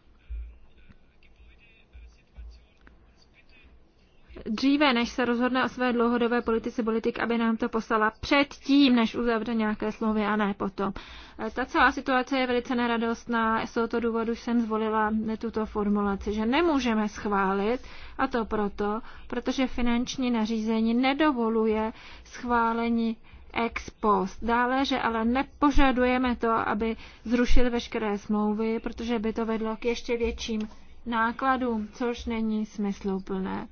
dříve, než se rozhodne o své dlouhodobé politice politik, aby nám to poslala předtím, než uzavře nějaké slovy a ne potom. E, ta celá situace je velice neradostná, z tohoto důvodu jsem zvolila tuto formulaci, že nemůžeme schválit, a to proto, protože finanční nařízení nedovoluje schválení ex post. Dále, že ale nepožadujeme to, aby zrušili veškeré smlouvy, protože by to vedlo k ještě větším nákladům, což není smysluplné.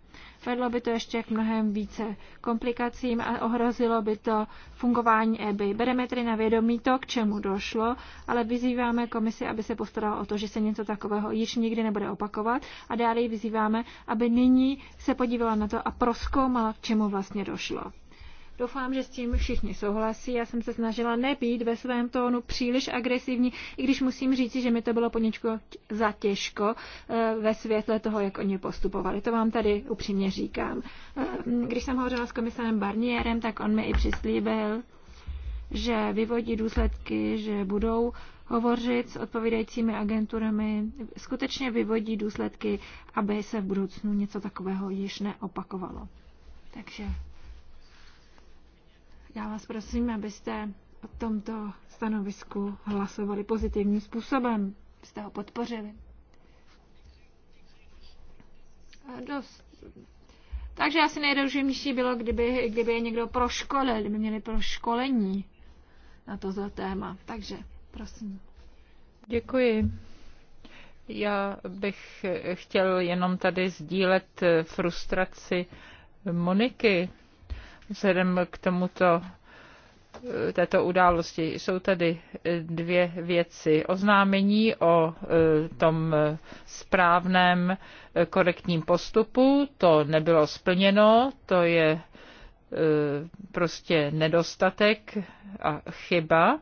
Vedlo by to ještě k mnohem více komplikacím a ohrozilo by to fungování EBY. Bereme tedy na vědomí to, k čemu došlo, ale vyzýváme komisi, aby se postarala o to, že se něco takového již nikdy nebude opakovat a dále ji vyzýváme, aby nyní se podívala na to a proskoumala, k čemu vlastně došlo. Doufám, že s tím všichni souhlasí. Já jsem se snažila nebýt ve svém tónu příliš agresivní, i když musím říct, že mi to bylo poněčku zatěžko eh, ve světle toho, jak oni postupovali. To vám tady upřímně říkám. Eh, když jsem hovořila s komisarem Barnierem, tak on mi i přislíbil, že vyvodí důsledky, že budou hovořit s odpovídajícími agenturami, skutečně vyvodí důsledky, aby se v budoucnu něco takového již neopakovalo. Takže já vás prosím, abyste o tomto stanovisku hlasovali pozitivním způsobem, abyste ho podpořili. Dost. Takže asi nejdůležitější bylo, kdyby, kdyby je někdo proškolil, kdyby měli proškolení na toto téma. Takže prosím. Děkuji. Já bych chtěl jenom tady sdílet frustraci Moniky, vzhledem k tomuto eh, této události. Jsou tady eh, dvě věci. Oznámení o eh, tom správném korektním postupu, to nebylo splněno, to je prostě nedostatek a chyba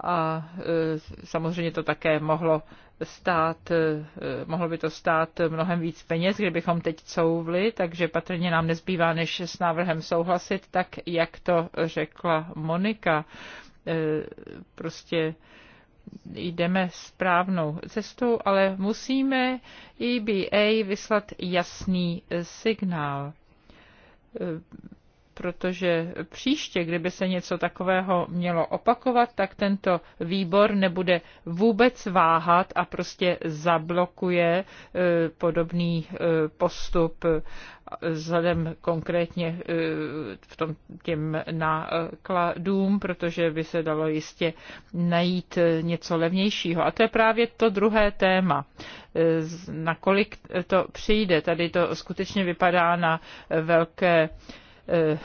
a e, samozřejmě to také mohlo stát, e, mohlo by to stát mnohem víc peněz, kdybychom teď couvli, takže patrně nám nezbývá, než s návrhem souhlasit, tak jak to řekla Monika. E, prostě jdeme správnou cestou, ale musíme EBA vyslat jasný signál protože příště, kdyby se něco takového mělo opakovat, tak tento výbor nebude vůbec váhat a prostě zablokuje e, podobný e, postup e, vzhledem konkrétně v tom těm nákladům, protože by se dalo jistě najít něco levnějšího. A to je právě to druhé téma. Nakolik to přijde, tady to skutečně vypadá na velké Eh,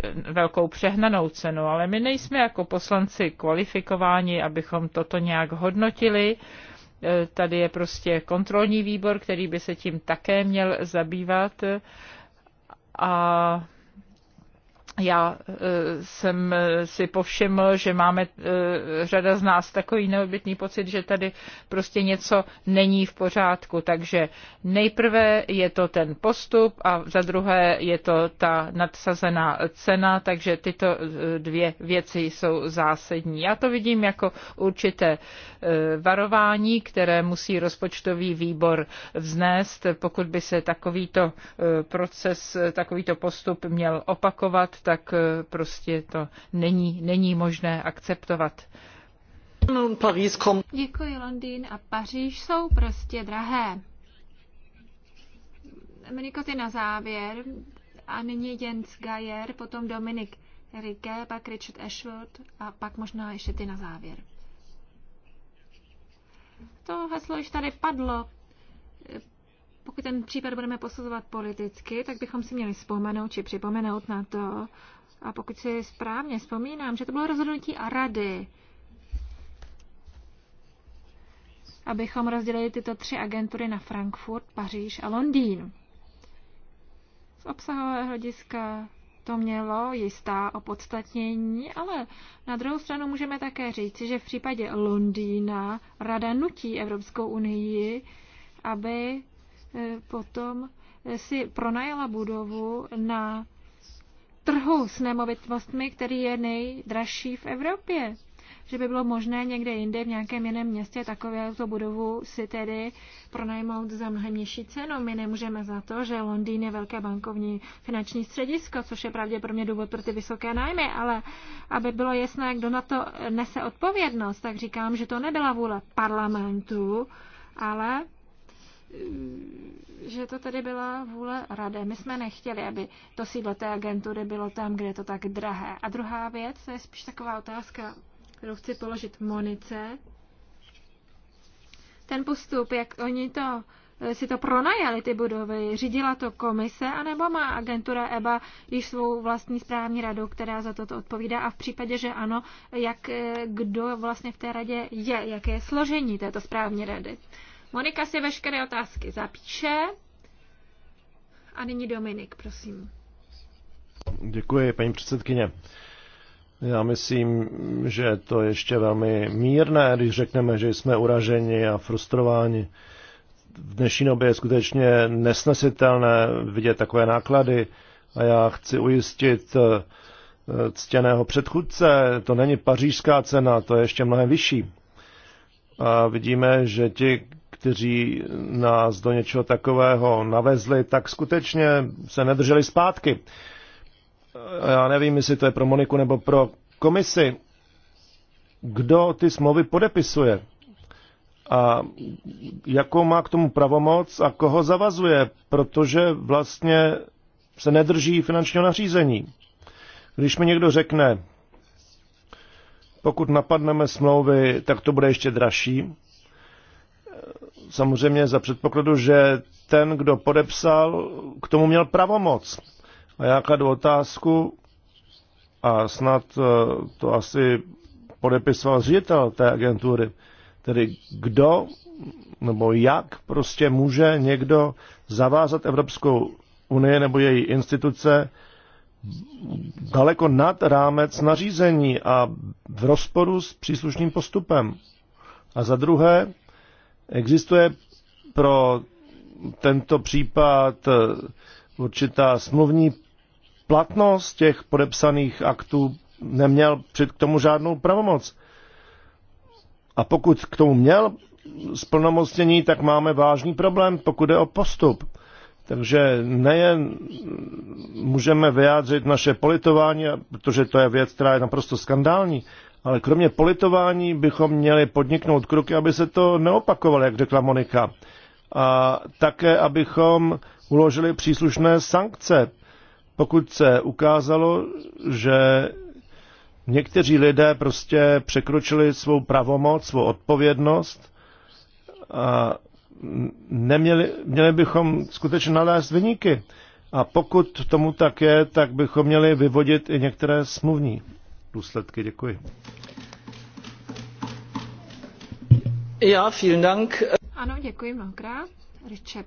eh, velkou přehnanou cenu, ale my nejsme jako poslanci kvalifikováni, abychom toto nějak hodnotili. Eh, tady je prostě kontrolní výbor, který by se tím také měl zabývat. A já e, jsem e, si povšiml, že máme e, řada z nás takový neobytný pocit, že tady prostě něco není v pořádku. Takže nejprve je to ten postup a za druhé je to ta nadsazená cena, takže tyto dvě věci jsou zásadní. Já to vidím jako určité varování, které musí rozpočtový výbor vznést, pokud by se takovýto proces, takovýto postup měl opakovat, tak eh, prostě to není, není možné akceptovat. Děkuji, Londýn a Paříž jsou prostě drahé. Miniko, ty na závěr. A nyní Jens Geier, potom Dominik Rike, pak Richard Ashworth a pak možná ještě ty na závěr. To heslo již tady padlo pokud ten případ budeme posuzovat politicky, tak bychom si měli vzpomenout či připomenout na to, a pokud si správně vzpomínám, že to bylo rozhodnutí a rady, abychom rozdělili tyto tři agentury na Frankfurt, Paříž a Londýn. Z obsahového hlediska to mělo jistá opodstatnění, ale na druhou stranu můžeme také říci, že v případě Londýna rada nutí Evropskou unii, aby E, potom e, si pronajala budovu na trhu s nemovitostmi, který je nejdražší v Evropě. Že by bylo možné někde jinde, v nějakém jiném městě, takovou budovu si tedy pronajmout za mnohem nižší cenu. My nemůžeme za to, že Londýn je velké bankovní finanční středisko, což je pravděpodobně důvod pro ty vysoké nájmy, ale aby bylo jasné, kdo na to nese odpovědnost, tak říkám, že to nebyla vůle parlamentu, ale že to tady byla vůle rady. My jsme nechtěli, aby to sídlo té agentury bylo tam, kde je to tak drahé. A druhá věc, to je spíš taková otázka, kterou chci položit Monice. Ten postup, jak oni to eh, si to pronajali ty budovy, řídila to komise, anebo má agentura EBA již svou vlastní správní radu, která za toto odpovídá a v případě, že ano, jak eh, kdo vlastně v té radě je, jaké je složení této správní rady. Monika si veškeré otázky zapíše. A nyní Dominik, prosím. Děkuji, paní předsedkyně. Já myslím, že je to ještě velmi mírné, když řekneme, že jsme uraženi a frustrováni. V dnešní době je skutečně nesnesitelné vidět takové náklady a já chci ujistit eh, ctěného předchůdce, to není pařížská cena, to je ještě mnohem vyšší. A vidíme, že ti, kteří nás do něčeho takového navezli, tak skutečně se nedrželi zpátky. Já nevím, jestli to je pro Moniku nebo pro komisi, kdo ty smlouvy podepisuje a jakou má k tomu pravomoc a koho zavazuje, protože vlastně se nedrží finančního nařízení. Když mi někdo řekne, pokud napadneme smlouvy, tak to bude ještě dražší, samozřejmě za předpokladu, že ten, kdo podepsal, k tomu měl pravomoc. A já kladu otázku, a snad eh, to asi podepisoval ředitel té agentury, tedy kdo nebo jak prostě může někdo zavázat Evropskou unii nebo její instituce daleko nad rámec nařízení a v rozporu s příslušným postupem. A za druhé, Existuje pro tento případ eh, určitá smluvní platnost těch podepsaných aktů, neměl před k tomu žádnou pravomoc. A pokud k tomu měl splnomocnění, tak máme vážný problém, pokud je o postup. Takže nejen můžeme vyjádřit naše politování, protože to je věc, která je naprosto skandální, ale kromě politování bychom měli podniknout kroky, aby se to neopakovalo, jak řekla Monika. A také, abychom uložili příslušné sankce, pokud se ukázalo, že někteří lidé prostě překročili svou pravomoc, svou odpovědnost a neměli, měli bychom skutečně nalézt vyníky. A pokud tomu tak je, tak bychom měli vyvodit i některé smluvní důsledky. Děkuji. Já, vielen Dank. Ano, děkuji mnohokrát. Richard.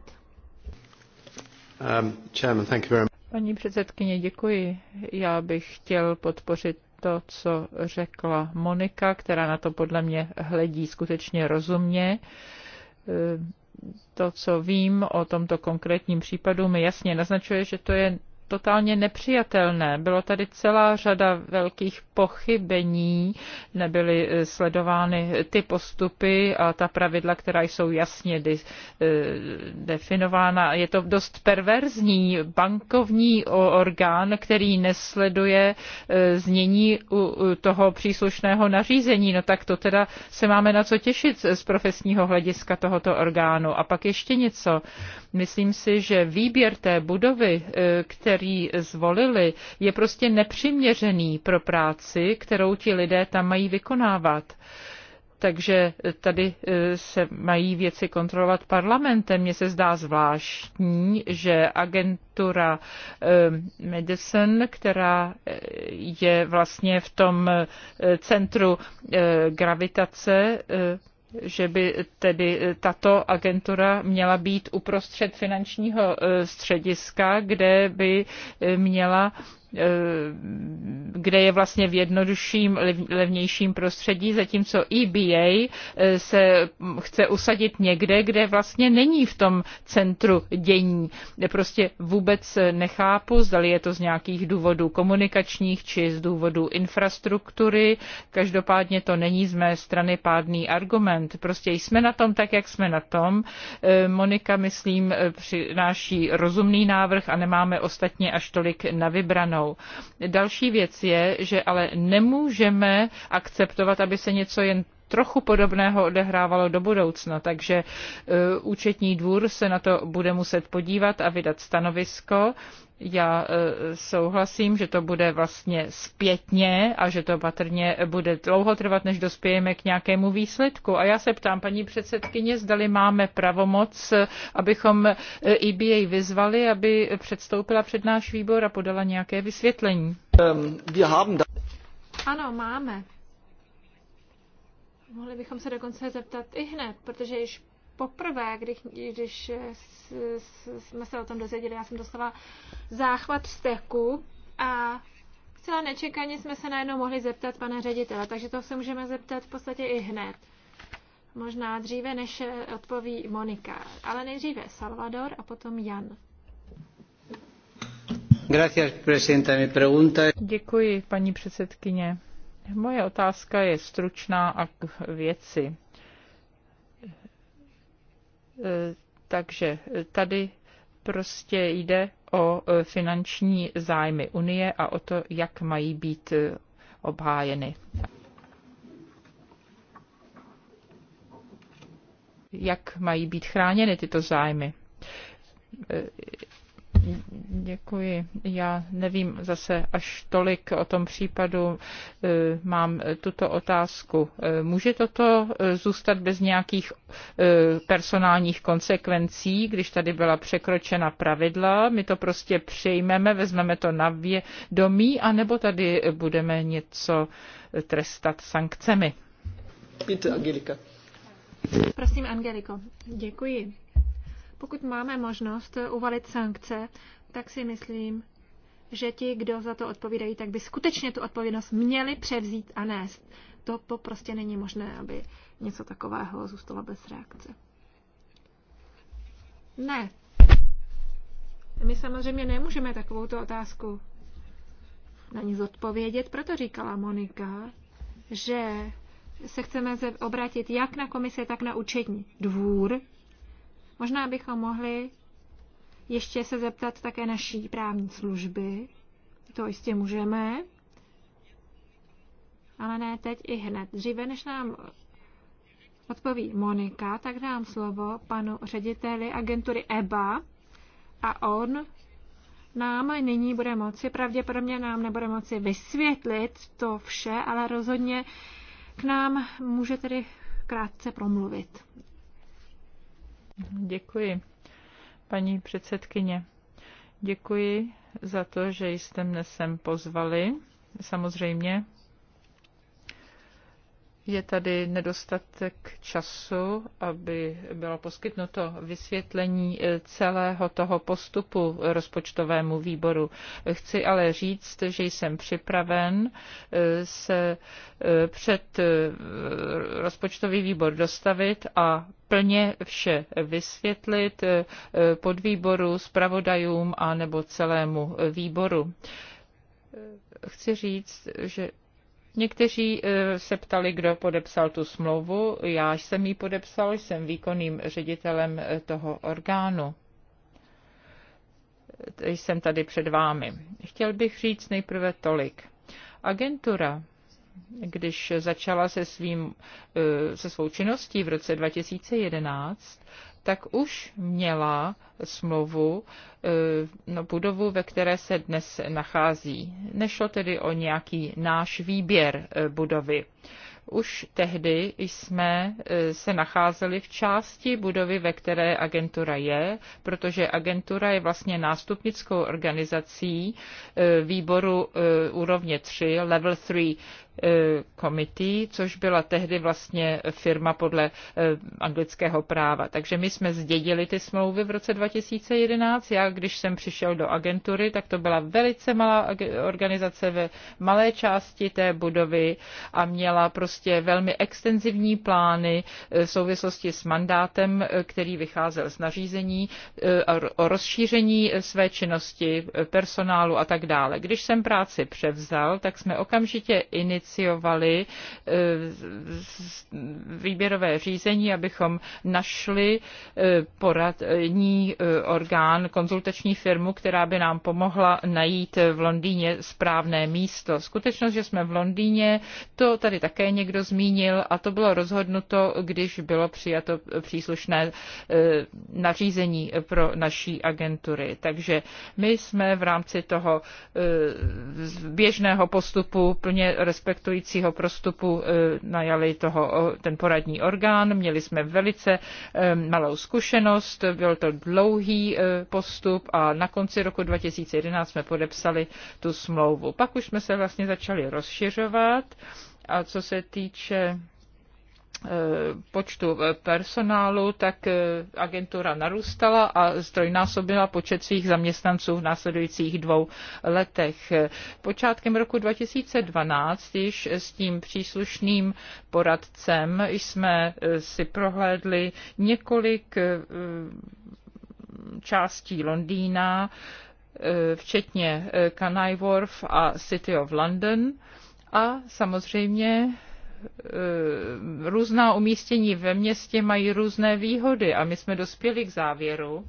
Um, chairman, thank you very much. Paní předsedkyně, děkuji. Já bych chtěl podpořit to, co řekla Monika, která na to podle mě hledí skutečně rozumně. Ehm, to, co vím o tomto konkrétním případu, mi jasně naznačuje, že to je totálně nepřijatelné. Bylo tady celá řada velkých pochybení, nebyly eh, sledovány ty postupy a ta pravidla, která jsou jasně eh, definována. Je to dost perverzní bankovní orgán, který nesleduje eh, znění toho příslušného nařízení. No tak to teda se máme na co těšit z profesního hlediska tohoto orgánu. A pak ještě něco. Myslím si, že výběr té budovy, e, který zvolili, je prostě nepřiměřený pro práci, kterou ti lidé tam mají vykonávat takže tady e, se mají věci kontrolovat parlamentem. Mně se zdá zvláštní, že agentura e, Medicine, která je vlastně v tom centru gravitace, že by tedy eh, tato agentura měla být uprostřed finančního eh, střediska, kde by eh, měla Eh, kde je vlastně v jednodušším, levnějším prostředí, zatímco EBA eh, se chce usadit někde, kde vlastně není v tom centru dění. Prostě vůbec nechápu, zda je to z nějakých důvodů komunikačních či z důvodů infrastruktury. Každopádně to není z mé strany pádný argument. Prostě jsme na tom tak, jak jsme na tom. Eh, Monika, myslím, přináší rozumný návrh a nemáme ostatně až tolik na vybranou stranou. Další věc je, že ale nemůžeme akceptovat, aby se něco jen trochu podobného odehrávalo do budoucna, takže e, účetní dvůr se na to bude muset podívat a vydat stanovisko. Já e, souhlasím, že to bude vlastně zpětně a že to patrně bude dlouho trvat, než dospějeme k nějakému výsledku. A já se ptám paní předsedkyně, zdali máme pravomoc, e, abychom EBA e vyzvali, aby předstoupila před náš výbor a podala nějaké vysvětlení. Um, ano, máme. Mohli bychom se dokonce zeptat i hned, protože již poprvé, když, když jsme se o tom dozvěděli, já jsem dostala záchvat steku a celé nečekaně jsme se najednou mohli zeptat pana ředitele, takže to se můžeme zeptat v podstatě i hned. Možná dříve, než odpoví Monika, ale nejdříve Salvador a potom Jan. Děkuji, paní předsedkyně. Moje otázka je stručná a k věci. Eh, takže eh, tady prostě jde o eh, finanční zájmy Unie a o to, jak mají být obhájeny. Jak mají být chráněny tyto zájmy. Děkuji. Já nevím zase až tolik o tom případu. E, mám tuto otázku. E, může toto e, zůstat bez nějakých personálních konsekvencí, když tady byla překročena pravidla? My to prostě přejmeme, vezmeme to na vědomí, anebo tady budeme něco trestat sankcemi? Píte, Angelika. Prosím, Angeliko. Děkuji. Pokud máme možnost uvalit sankce, tak si myslím, že ti, kdo za to odpovídají, tak by skutečně tu odpovědnost měli převzít a nést. To, to prostě není možné, aby něco takového zůstalo bez reakce. Ne. My samozřejmě nemůžeme takovou otázku na ní zodpovědět, proto říkala Monika, že se chceme obrátit jak na komise, tak na účetní dvůr Možná bychom mohli ještě se zeptat také naší právní služby. To jistě můžeme. Ale ne teď i hned. Dříve, než nám odpoví Monika, tak dám slovo panu řediteli agentury EBA a on nám nyní bude moci, pravděpodobně nám nebude moci vysvětlit to vše, ale rozhodně k nám může tedy krátce promluvit. Děkuji, paní předsedkyně. Děkuji za to, že jste mne sem pozvali. Samozřejmě je tady nedostatek času, aby bylo poskytnuto vysvětlení eh, celého toho postupu rozpočtovému výboru. Chci ale říct, že jsem připraven eh, se eh, před rozpočtový výbor dostavit a plně vše vysvětlit podvýboru, zpravodajům a nebo celému výboru. Chci říct, že Někteří eh, se ptali, kdo podepsal tu smlouvu. Já jsem ji podepsal, jsem výkonným ředitelem eh, toho orgánu. Eh, jsem tady před vámi. Chtěl bych říct nejprve tolik. Agentura, když začala se, svým, se svou činností v roce 2011, tak už měla smlouvu eh, na no, budovu, ve které se dnes nachází. Nešlo tedy o nějaký náš výběr eh, budovy. Už tehdy jsme eh, se nacházeli v části budovy, ve které agentura je, protože agentura je vlastně nástupnickou organizací výboru úrovně 3, level 3 Eh, komitý, což byla tehdy vlastně firma podle eh, anglického práva. Takže my jsme zdědili ty smlouvy v roce 2011. Já, když jsem přišel do agentury, tak to byla velice malá organizace ve malé části té budovy a měla prostě velmi extenzivní plány eh, v souvislosti s mandátem, který vycházel z nařízení o rozšíření své činnosti personálu a tak dále. Když jsem práci převzal, tak jsme okamžitě iniciovali iniciovali eh, výběrové řízení, abychom našli eh, poradní eh, orgán, konzultační firmu, která by nám pomohla najít v Londýně správné místo. Skutečnost, že jsme v Londýně, to tady také někdo zmínil a to bylo rozhodnuto, když bylo přijato příslušné nařízení pro naší agentury. Takže my jsme v rámci toho běžného postupu plně respektovali respektujícího prostupu eh, najali toho, ten poradní orgán. Měli jsme velice eh, malou zkušenost, byl to dlouhý eh, postup a na konci roku 2011 jsme podepsali tu smlouvu. Pak už jsme se vlastně začali rozšiřovat a co se týče Eh, počtu eh, personálu, tak eh, agentura narůstala a zdrojnásobila počet svých zaměstnanců v následujících dvou letech. Počátkem roku 2012 již s tím příslušným poradcem jsme si prohlédli několik částí Londýna, včetně Canary Wharf a City of London. A samozřejmě Eh, různá umístění ve městě mají různé výhody a my jsme dospěli k závěru,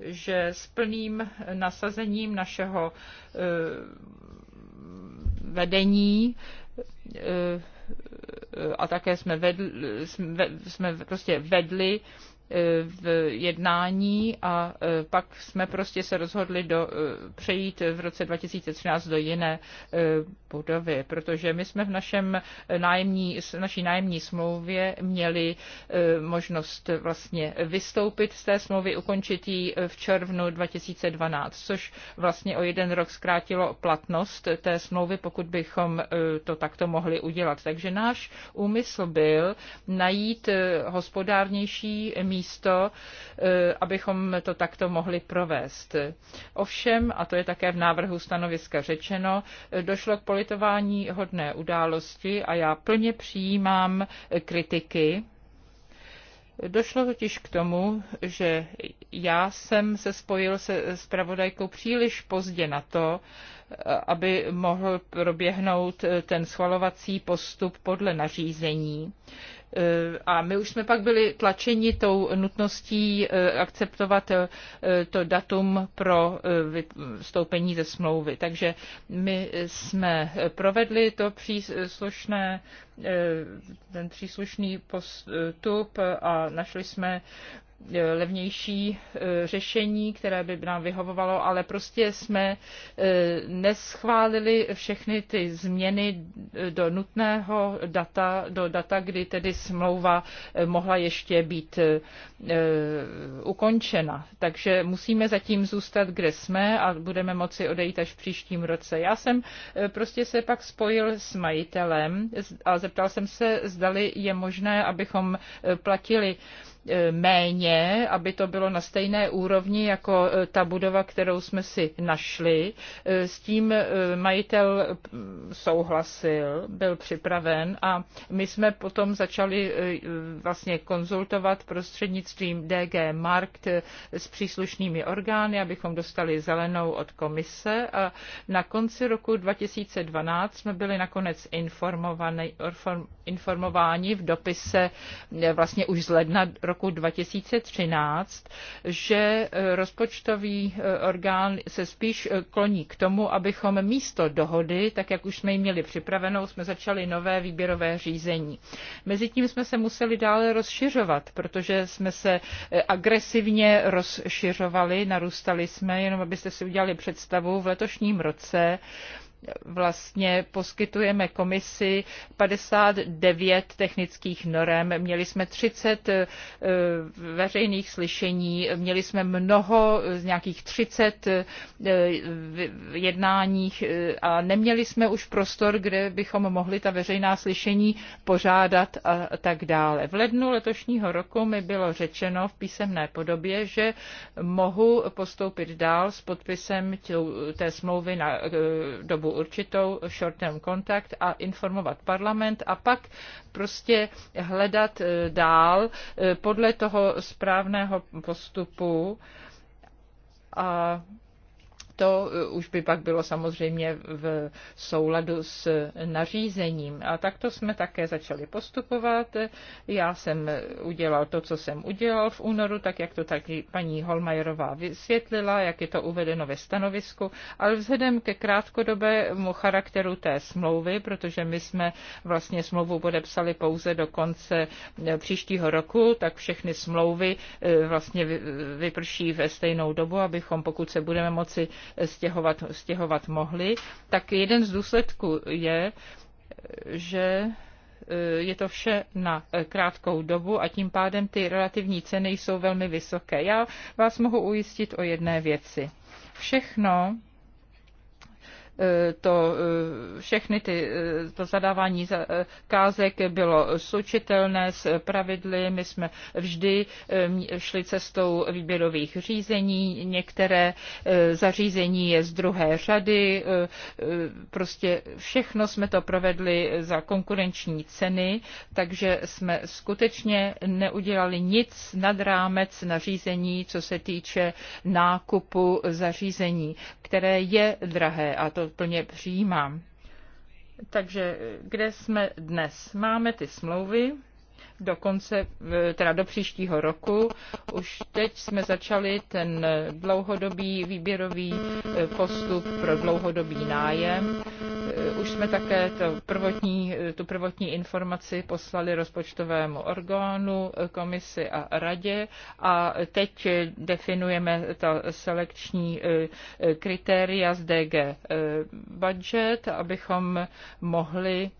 že s plným nasazením našeho eh, vedení eh, a také jsme, vedli, jsme, jsme prostě vedli Eh, v jednání a eh, pak jsme prostě se rozhodli do, eh, přejít v roce 2013 do jiné budovy, protože my jsme v našem nájemní, naší nájemní smlouvě měli možnost vlastně vystoupit z té smlouvy, ukončit ji v červnu 2012, což vlastně o jeden rok zkrátilo platnost té smlouvy, pokud bychom to takto mohli udělat. Takže náš úmysl byl najít hospodárnější místo místo, eh, abychom to takto mohli provést. Ovšem, a to je také v návrhu stanoviska řečeno, eh, došlo k politování hodné události a já plně přijímám eh, kritiky, Došlo totiž k tomu, že já jsem se spojil se spravodajkou příliš pozdě na to, aby mohl proběhnout ten schvalovací postup podle nařízení. Eh, a my už jsme pak byli tlačeni tou nutností eh, akceptovat eh, to datum pro vstoupení ze smlouvy. Takže my jsme provedli to příslušné, ten příslušný postup a našli jsme Eh, levnější eh, řešení, které by nám vyhovovalo, ale prostě jsme eh, neschválili všechny ty změny do nutného data, do data, kdy tedy smlouva mohla ještě být ukončena. Takže musíme zatím zůstat, kde jsme a budeme moci odejít až v příštím roce. Já jsem prostě se pak spojil s majitelem a zeptal jsem se, zdali je možné, abychom platili E, méně, aby to bylo na stejné úrovni jako e, ta budova, kterou jsme si našli. E, s tím majitel souhlasil, byl připraven a my jsme potom začali vlastně konzultovat prostřednictvím DG Markt s příslušnými orgány, abychom dostali zelenou od komise a na konci roku 2012 jsme byli nakonec informováni v dopise vlastně už z ledna roku roku 2013, že eh, rozpočtový eh, orgán se spíš eh, kloní k tomu, abychom místo dohody, tak jak už jsme ji měli připravenou, jsme začali nové výběrové řízení. Mezitím jsme se museli dále rozšiřovat, protože jsme se agresivně rozšiřovali, narůstali jsme, jenom abyste si udělali představu, v letošním roce vlastně poskytujeme komisi 59 technických norem. Měli jsme 30 eh, veřejných slyšení, měli jsme mnoho, eh, z nějakých 30 eh, jednáních a neměli jsme už prostor, kde bychom mohli ta veřejná slyšení pořádat a tak dále. V lednu letošního roku mi bylo řečeno v písemné podobě, že mohu postoupit dál s podpisem té smlouvy na dobu určitou short-term kontakt a informovat parlament a pak prostě hledat eh, dál eh, podle toho správného postupu a to eh, už by pak bylo samozřejmě v souladu s nařízením. A takto jsme také začali postupovat. Já jsem udělal to, co jsem udělal v únoru, tak jak to taky paní Holmajerová vysvětlila, jak je to uvedeno ve stanovisku, ale vzhledem ke krátkodobému charakteru té smlouvy, protože my jsme vlastně smlouvu podepsali pouze do konce eh, příštího roku, tak všechny smlouvy eh, vlastně vyprší ve stejnou dobu, abychom, pokud se budeme moci stěhovat, stěhovat mohli, tak jeden z důsledků je, že eh, je to vše na eh, krátkou dobu a tím pádem ty relativní ceny jsou velmi vysoké. Já vás mohu ujistit o jedné věci. Všechno, Eh, to eh, všechny ty, eh, to zadávání zakázek bylo slučitelné s pravidly. My jsme vždy šli cestou výběrových řízení. Některé zařízení je z druhé řady. Prostě všechno jsme to provedli za konkurenční ceny, takže jsme skutečně neudělali nic nad rámec nařízení, co se týče nákupu zařízení, které je drahé a to plně přijímám. Takže eh, kde jsme dnes? Máme ty smlouvy, do konce, e, teda do příštího roku. Už teď jsme začali ten dlouhodobý výběrový e, postup pro dlouhodobý nájem. E, už jsme také to prvotní, tu prvotní informaci poslali rozpočtovému orgánu, komisi a radě a teď definujeme ta selekční kritéria z DG budget, abychom mohli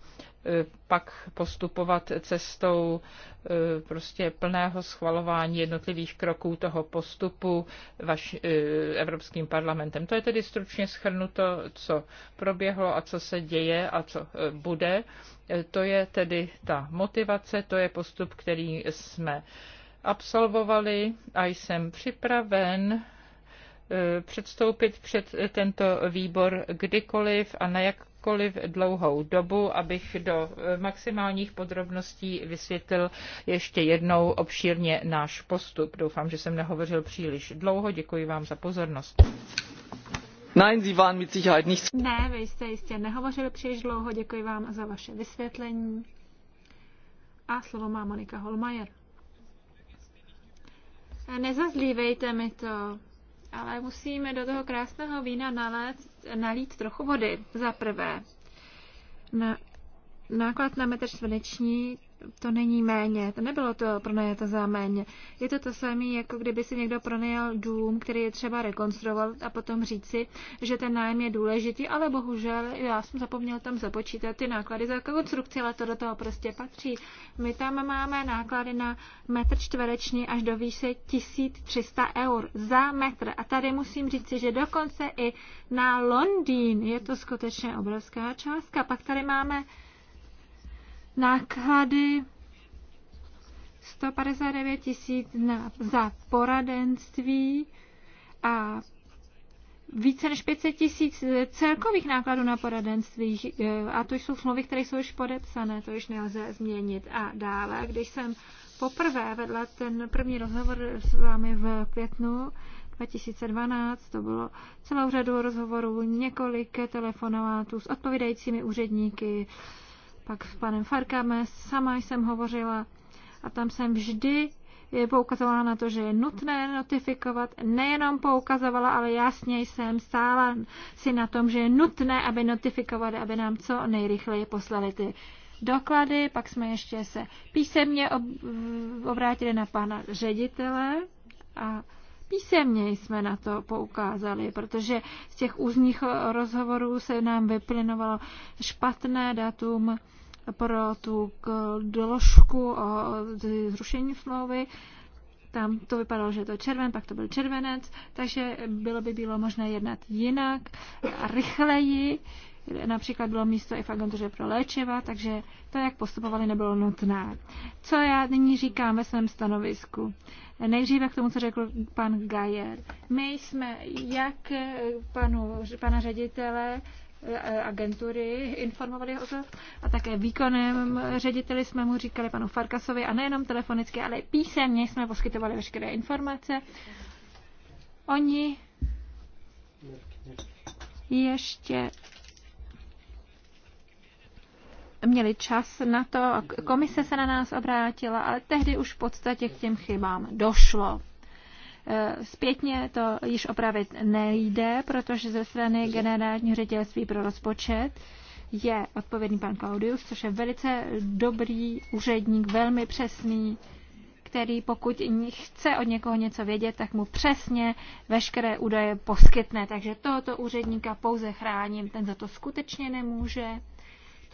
Eh, pak postupovat cestou eh, prostě plného schvalování jednotlivých kroků toho postupu vaš, eh, Evropským parlamentem. To je tedy stručně schrnuto, co proběhlo a co se děje a co bude. To je tedy ta motivace, to je postup, který jsme absolvovali a jsem připraven předstoupit před tento výbor kdykoliv a na jak jakkoliv dlouhou dobu, abych do maximálních podrobností vysvětlil ještě jednou obšírně náš postup. Doufám, že jsem nehovořil příliš dlouho. Děkuji vám za pozornost. Nein, Sie waren mit Sicherheit nicht... Ne, vy jste jistě nehovořili příliš dlouho. Děkuji vám za vaše vysvětlení. A slovo má Monika Holmajer. Nezazlívejte mi to ale musíme do toho krásného vína nalít, nalít trochu vody. Za prvé, na, náklad na metr čtvereční to není méně, to nebylo to pronajato za méně. Je to to samé, jako kdyby si někdo pronajal dům, který je třeba rekonstruovat a potom říci, že ten nájem je důležitý, ale bohužel já jsem zapomněl tam započítat ty náklady za konstrukci, ale to do toho prostě patří. My tam máme náklady na metr čtvereční až do výše 1300 eur za metr. A tady musím říci, že dokonce i na Londýn je to skutečně obrovská částka. Pak tady máme náklady 159 tisíc za poradenství a více než 500 tisíc celkových nákladů na poradenství. Eh, a to jsou smlouvy, které jsou už podepsané, to už nelze změnit. A dále, když jsem poprvé vedla ten první rozhovor s vámi v květnu 2012, to bylo celou řadu rozhovorů, několik telefonátů s odpovídajícími úředníky, pak s panem Farkame, sama jsem hovořila a tam jsem vždy poukazovala na to, že je nutné notifikovat. Nejenom poukazovala, ale jasně jsem stála si na tom, že je nutné, aby notifikovali, aby nám co nejrychleji poslali ty doklady. Pak jsme ještě se písemně obrátili na pana ředitele a Písemně jsme na to poukázali, protože z těch úzních rozhovorů se nám vyplynovalo špatné datum pro tu doložku o zrušení smlouvy. Tam to vypadalo, že to je červen, pak to byl červenec, takže bylo by bylo možné jednat jinak, rychleji, například bylo místo i v agentuře pro léčeva, takže to, jak postupovali, nebylo nutné. Co já nyní říkám ve svém stanovisku? Nejdříve k tomu, co řekl pan Gajer. My jsme jak panu, pana ředitele, eh, agentury informovali o to a také výkonem řediteli jsme mu říkali panu Farkasovi a nejenom telefonicky, ale písemně jsme poskytovali veškeré informace. Oni ještě měli čas na to, komise se na nás obrátila, ale tehdy už v podstatě k těm chybám došlo. E, zpětně to již opravit nejde, protože ze strany generálního ředitelství pro rozpočet je odpovědný pan Claudius, což je velice dobrý úředník, velmi přesný, který pokud chce od někoho něco vědět, tak mu přesně veškeré údaje poskytne. Takže tohoto úředníka pouze chráním, ten za to skutečně nemůže.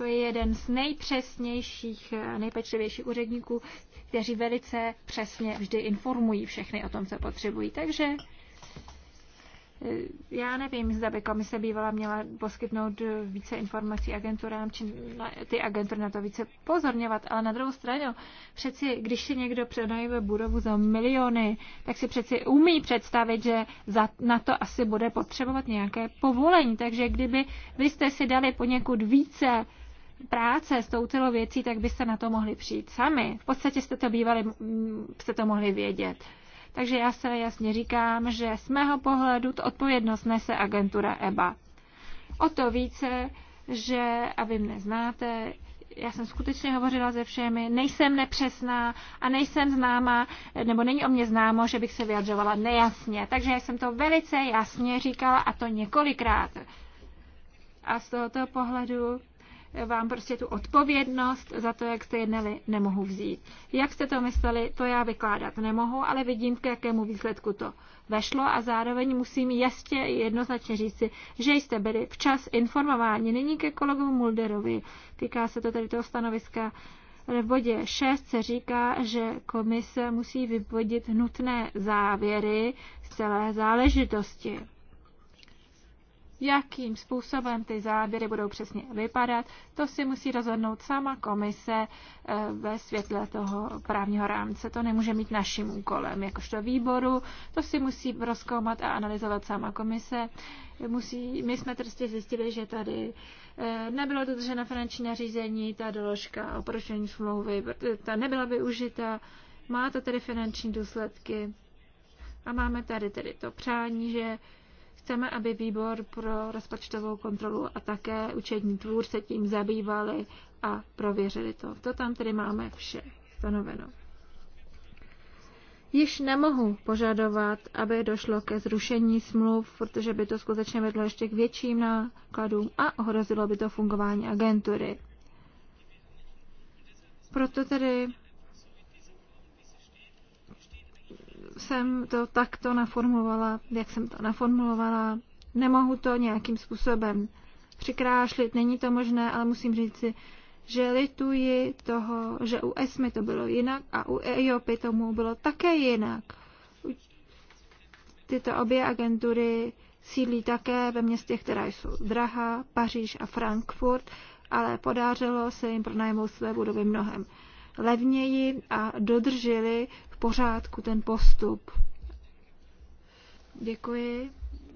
To je jeden z nejpřesnějších, nejpečlivějších úředníků, kteří velice přesně vždy informují všechny o tom, co potřebují. Takže eh, já nevím, zda by komise bývala měla poskytnout eh, více informací agenturám, či ty agentury na to více pozorňovat, ale na druhou stranu, přeci, když si někdo pronajme budovu za miliony, tak si přeci umí představit, že za, na to asi bude potřebovat nějaké povolení. Takže kdyby vy jste si dali poněkud více práce s tou celou věcí, tak byste na to mohli přijít sami. V podstatě jste to bývali, mm, jste to mohli vědět. Takže já se jasně říkám, že z mého pohledu to odpovědnost nese agentura EBA. O to více, že, a vy mne znáte, já jsem skutečně hovořila se všemi, nejsem nepřesná a nejsem známa, nebo není o mě známo, že bych se vyjadřovala nejasně. Takže jsem to velice jasně říkala a to několikrát. A z tohoto pohledu vám prostě tu odpovědnost za to, jak jste jednali, nemohu vzít. Jak jste to mysleli, to já vykládat nemohu, ale vidím, k jakému výsledku to vešlo a zároveň musím jasně jednoznačně říci, že jste byli včas informováni. Nyní ke kolegovi Mulderovi, týká se to tady toho stanoviska, v bodě 6 se říká, že komise musí vyvodit nutné závěry z celé záležitosti jakým způsobem ty záběry budou přesně vypadat, to si musí rozhodnout sama komise eh, ve světle toho právního rámce. To nemůže mít naším úkolem, jakožto výboru, to si musí rozkoumat a analyzovat sama komise. Musí, my jsme prostě zjistili, že tady eh, nebylo dodrženo finanční nařízení, ta doložka o porušení smlouvy, eh, ta nebyla využita, má to tedy finanční důsledky. A máme tady tedy to přání, že Chceme, aby výbor pro rozpočtovou kontrolu a také účetní tvůr se tím zabývali a prověřili to. To tam tedy máme vše stanoveno. Již nemohu požadovat, aby došlo ke zrušení smluv, protože by to skutečně vedlo ještě k větším nákladům a ohrozilo by to fungování agentury. Proto tedy jsem to takto naformovala, jak jsem to naformulovala. Nemohu to nějakým způsobem přikrášlit, není to možné, ale musím říct si, že lituji toho, že u ESMY to bylo jinak a u EIOPy tomu bylo také jinak. Tyto obě agentury sídlí také ve městech, která jsou Drahá, Paříž a Frankfurt, ale podařilo se jim pronajmout své budovy mnohem levněji a dodrželi pořádku ten postup. Děkuji.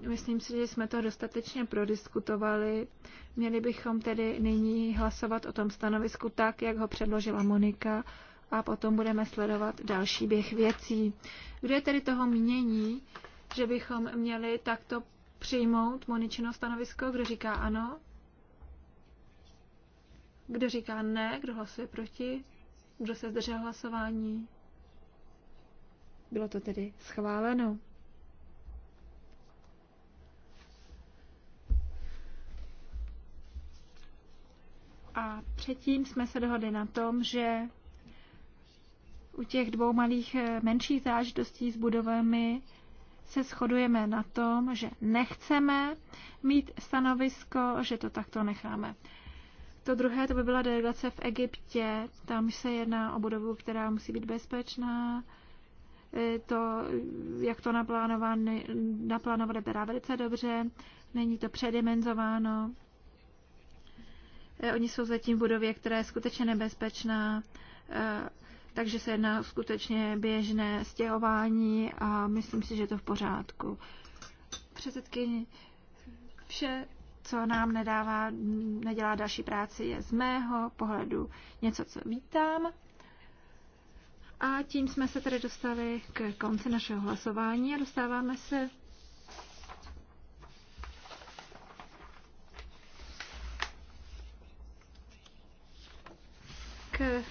Myslím si, že jsme to dostatečně prodiskutovali. Měli bychom tedy nyní hlasovat o tom stanovisku tak, jak ho předložila Monika a potom budeme sledovat další běh věcí. Kdo je tedy toho mínění, že bychom měli takto přijmout Moničino stanovisko? Kdo říká ano? Kdo říká ne? Kdo hlasuje proti? Kdo se zdržel hlasování? Bylo to tedy schváleno. A předtím jsme se dohodli na tom, že u těch dvou malých eh, menších zážitostí s budovami se shodujeme na tom, že nechceme mít stanovisko, že to takto necháme. To druhé, to by byla delegace v Egyptě. Tam se jedná o budovu, která musí být bezpečná, to, jak to naplánované byla velice dobře, není to předimenzováno. Eh, oni jsou zatím v budově, která je skutečně nebezpečná, eh, takže se jedná skutečně běžné stěhování a myslím si, že je to v pořádku. Předsedkyně, vše, co nám nedává, nedělá další práci, je z mého pohledu něco, co vítám. A tím jsme se tedy dostali k konci našeho hlasování a dostáváme se k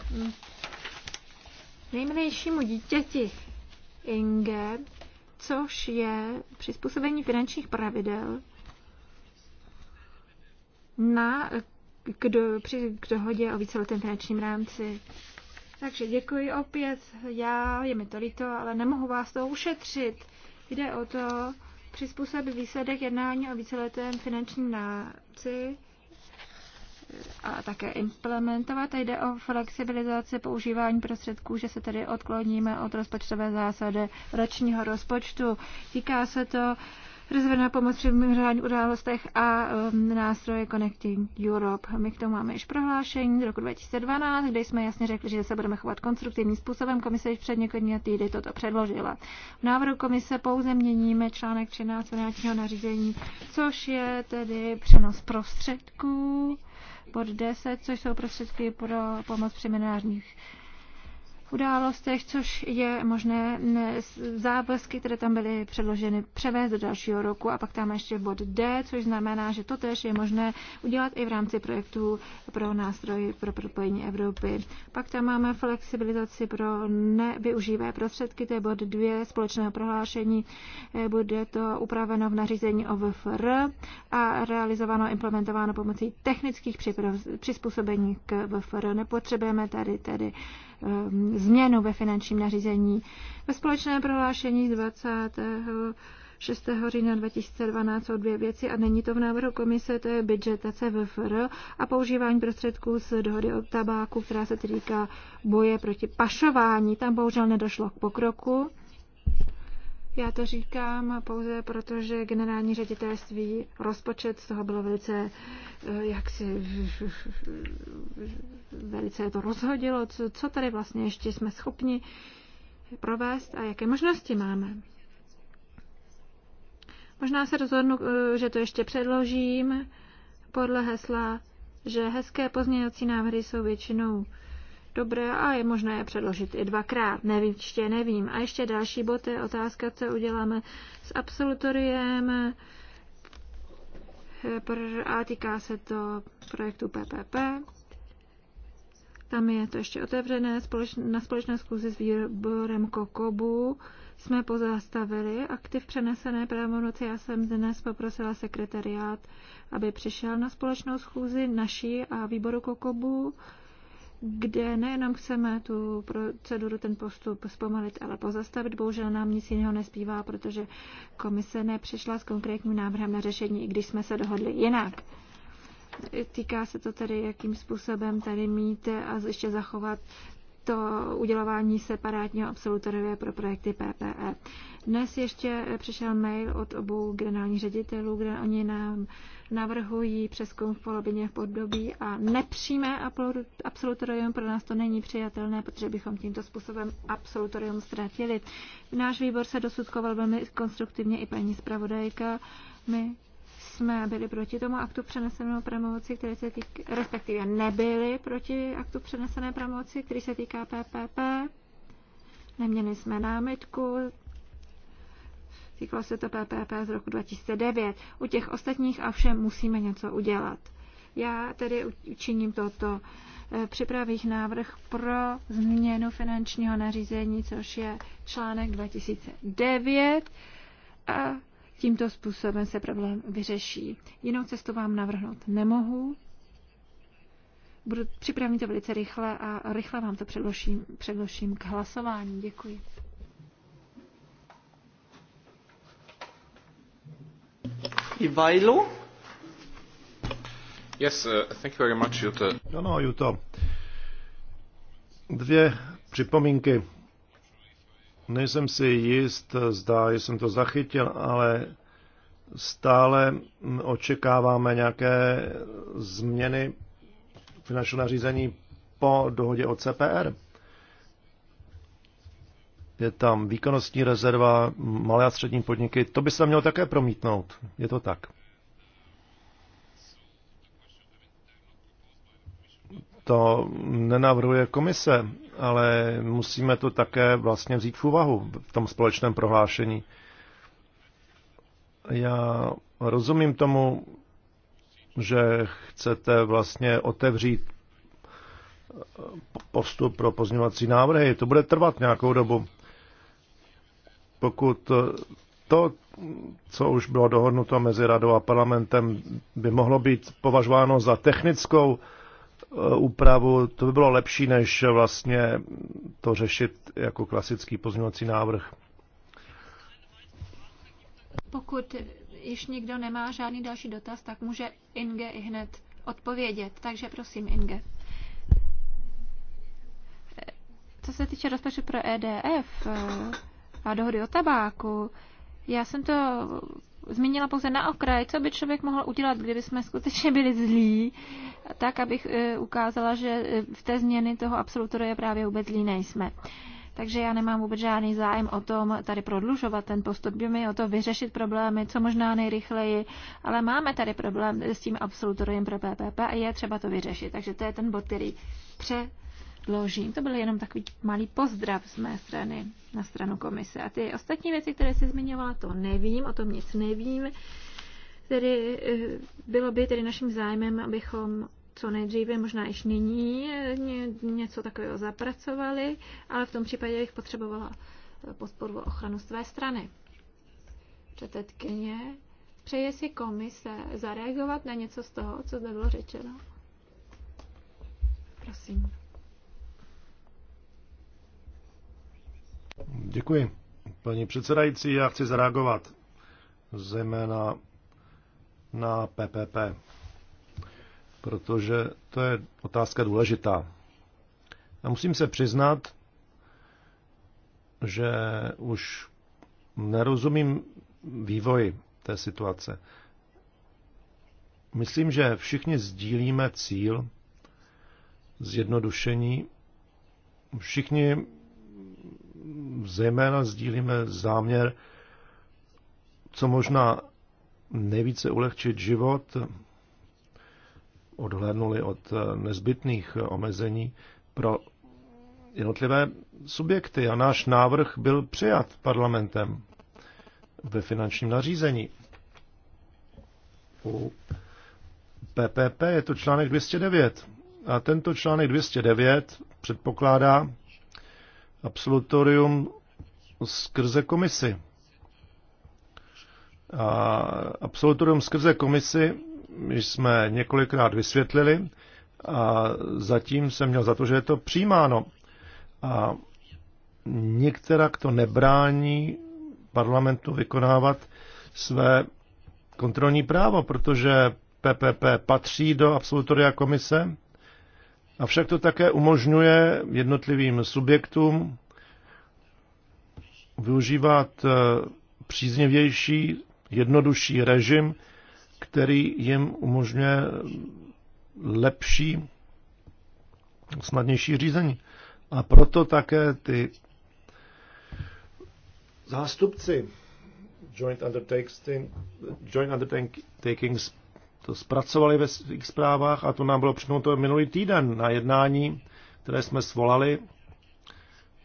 nejmilejšímu dítěti Inge, což je přizpůsobení finančních pravidel na, k, do, při, k dohodě o víceletém finančním rámci. Takže děkuji opět. Já, je mi to líto, ale nemohu vás to ušetřit. Jde o to přizpůsobit výsledek jednání o víceletém finančním náci a také implementovat. A jde o flexibilizaci používání prostředků, že se tedy odkloníme od rozpočtové zásady ročního rozpočtu. Týká se to rozvedena pomoc při mimořádných událostech a um, nástroje Connecting Europe. My k tomu máme již prohlášení z roku 2012, kde jsme jasně řekli, že se budeme chovat konstruktivním způsobem. Komise již před několika týdny toto předložila. V návrhu komise pouze měníme článek 13 finančního nařízení, což je tedy přenos prostředků pod 10, což jsou prostředky pro pomoc při mimořádných událostech, což je možné záblesky, které tam byly předloženy, převést do dalšího roku a pak tam ještě bod D, což znamená, že to tež je možné udělat i v rámci projektů pro nástroj pro propojení Evropy. Pak tam máme flexibilizaci pro nevyuživé prostředky, to je bod 2 společného prohlášení, eh, bude to upraveno v nařízení o VFR a realizováno, implementováno pomocí technických přizpůsobení k VFR. Nepotřebujeme tady tedy Um, změnu ve finančním nařízení. Ve společném prohlášení z 20. 6. října 2012 jsou dvě věci a není to v návrhu komise, to je budget a CVFR a používání prostředků z dohody o tabáku, která se týká boje proti pašování. Tam bohužel nedošlo k pokroku. Já to říkám pouze proto, že generální ředitelství, rozpočet z toho bylo velice, eh, jak si, velice to rozhodilo, co, co tady vlastně ještě jsme schopni provést a jaké možnosti máme. Možná se rozhodnu, eh, že to ještě předložím podle hesla, že hezké pozměňovací návrhy jsou většinou dobré a je možné je předložit i dvakrát. Nevím, ještě nevím. A ještě další bod je otázka, co uděláme s absolutoriem eh, a týká se to projektu PPP. Tam je to ještě otevřené. Na společné zkuzi s výborem Kokobu jsme pozastavili aktiv přenesené pravomoci. Já jsem dnes poprosila sekretariát, aby přišel na společnou schůzi naší a výboru Kokobu kde nejenom chceme tu proceduru, ten postup zpomalit, ale pozastavit. Bohužel nám nic jiného nespívá, protože komise nepřišla s konkrétním návrhem na řešení, i když jsme se dohodli jinak. Týká se to tedy, jakým způsobem tady mít a ještě zachovat to udělování separátního absolutoria pro projekty PPE. Dnes ještě přišel mail od obou generálních ředitelů, kde oni nám navrhují přeskum v polovině v podobí a nepřímé absolutorium pro nás to není přijatelné, protože bychom tímto způsobem absolutorium ztratili. Náš výbor se dosudkoval velmi konstruktivně i paní zpravodajka. My jsme byli proti tomu aktu přeneseného pravomoci, které se týká, respektive nebyli proti aktu přenesené pravomoci, který se týká PPP. Neměli jsme námitku, týkalo se to PPP z roku 2009. U těch ostatních a všem musíme něco udělat. Já tedy učiním toto. Eh, Připravých návrh pro změnu finančního nařízení, což je článek 2009. A Tímto způsobem se problém vyřeší. Jinou cestu vám navrhnout nemohu. Budu připravit to velice rychle a rychle vám to předložím, předložím k hlasování. Děkuji. Ivajlu? Yes, uh, thank you very much, Jutta. No, no, Juto. Dvě připomínky Nejsem si jist, zdá, jsem to zachytil, ale stále očekáváme nějaké změny finančního nařízení po dohodě o CPR. Je tam výkonnostní rezerva, malé a střední podniky. To by se mělo také promítnout. Je to tak. to nenavrhuje komise, ale musíme to také vlastně vzít v úvahu v tom společném prohlášení. Já rozumím tomu, že chcete vlastně otevřít postup pro pozměňovací návrhy. To bude trvat nějakou dobu. Pokud to, co už bylo dohodnuto mezi radou a parlamentem, by mohlo být považováno za technickou Eh, úpravu, to by bylo lepší, než vlastně to řešit jako klasický pozměňovací návrh. Pokud již nikdo nemá žádný další dotaz, tak může Inge i hned odpovědět. Takže prosím, Inge. Co se týče rozpočtu pro EDF eh, a dohody o tabáku, já jsem to zmínila pouze na okraj, co by člověk mohl udělat, kdyby jsme skutečně byli zlí, tak abych eh, ukázala, že eh, v té změny toho absolutoria právě vůbec zlí nejsme. Takže já nemám vůbec žádný zájem o tom tady prodlužovat ten postup, by mi o to vyřešit problémy, co možná nejrychleji, ale máme tady problém s tím absolutorem pro PPP a je třeba to vyřešit. Takže to je ten bod, který pře předložím. To byl jenom takový malý pozdrav z mé strany na stranu komise. A ty ostatní věci, které jsi zmiňovala, to nevím, o tom nic nevím. Tedy eh, bylo by tedy naším zájmem, abychom co nejdříve, možná již nyní, eh, něco takového zapracovali, ale v tom případě bych potřebovala eh, podporu ochranu z tvé strany. Předsedkyně, přeje si komise zareagovat na něco z toho, co zde bylo řečeno? Prosím. Děkuji. Paní předsedající, já chci zareagovat zejména na PPP, protože to je otázka důležitá. A musím se přiznat, že už nerozumím vývoji té situace. Myslím, že všichni sdílíme cíl zjednodušení. Všichni zejména sdílíme záměr co možná nejvíce ulehčit život, odhlédnuli od eh, nezbytných eh, omezení pro jednotlivé subjekty a náš návrh byl přijat parlamentem ve finančním nařízení. U PPP je to článek 209 a tento článek 209 předpokládá, absolutorium skrze komisi. A absolutorium skrze komisi jsme několikrát vysvětlili a zatím jsem měl za to, že je to přijímáno. A některá, to nebrání parlamentu vykonávat své kontrolní právo, protože PPP patří do absolutoria komise Avšak to také umožňuje jednotlivým subjektům využívat eh, příznivější, jednodušší režim, který jim umožňuje lepší, snadnější řízení. A proto také ty zástupci joint undertakings, joint undertakings to zpracovali ve svých zprávách a to nám bylo přinuto minulý týden na jednání, které jsme svolali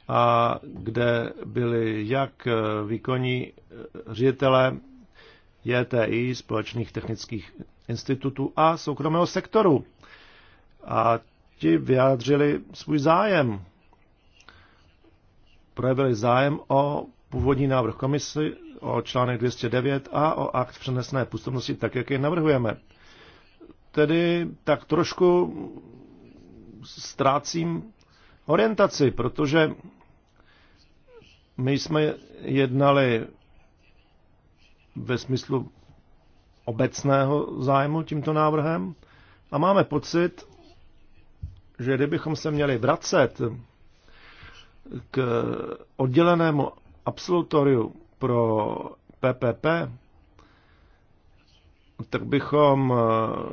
a kde byli jak výkonní ředitele JTI, společných technických institutů a soukromého sektoru. A ti vyjádřili svůj zájem. Projevili zájem o původní návrh komisy o článek 209 a o akt přenesné působnosti tak, jak je navrhujeme. Tedy tak trošku ztrácím orientaci, protože my jsme jednali ve smyslu obecného zájmu tímto návrhem a máme pocit, že kdybychom se měli vracet k oddělenému absolutoriu pro PPP, tak bychom eh,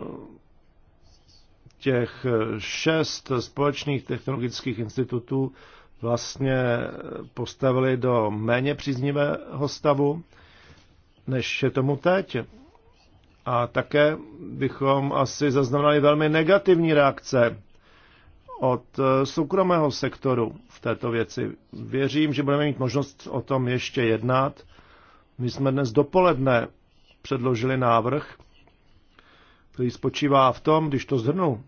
těch šest společných technologických institutů vlastně postavili do méně příznivého stavu, než je tomu teď. A také bychom asi zaznamenali velmi negativní reakce od eh, soukromého sektoru v této věci. Věřím, že budeme mít možnost o tom ještě jednat. My jsme dnes dopoledne předložili návrh, který spočívá v tom, když to zhrnu,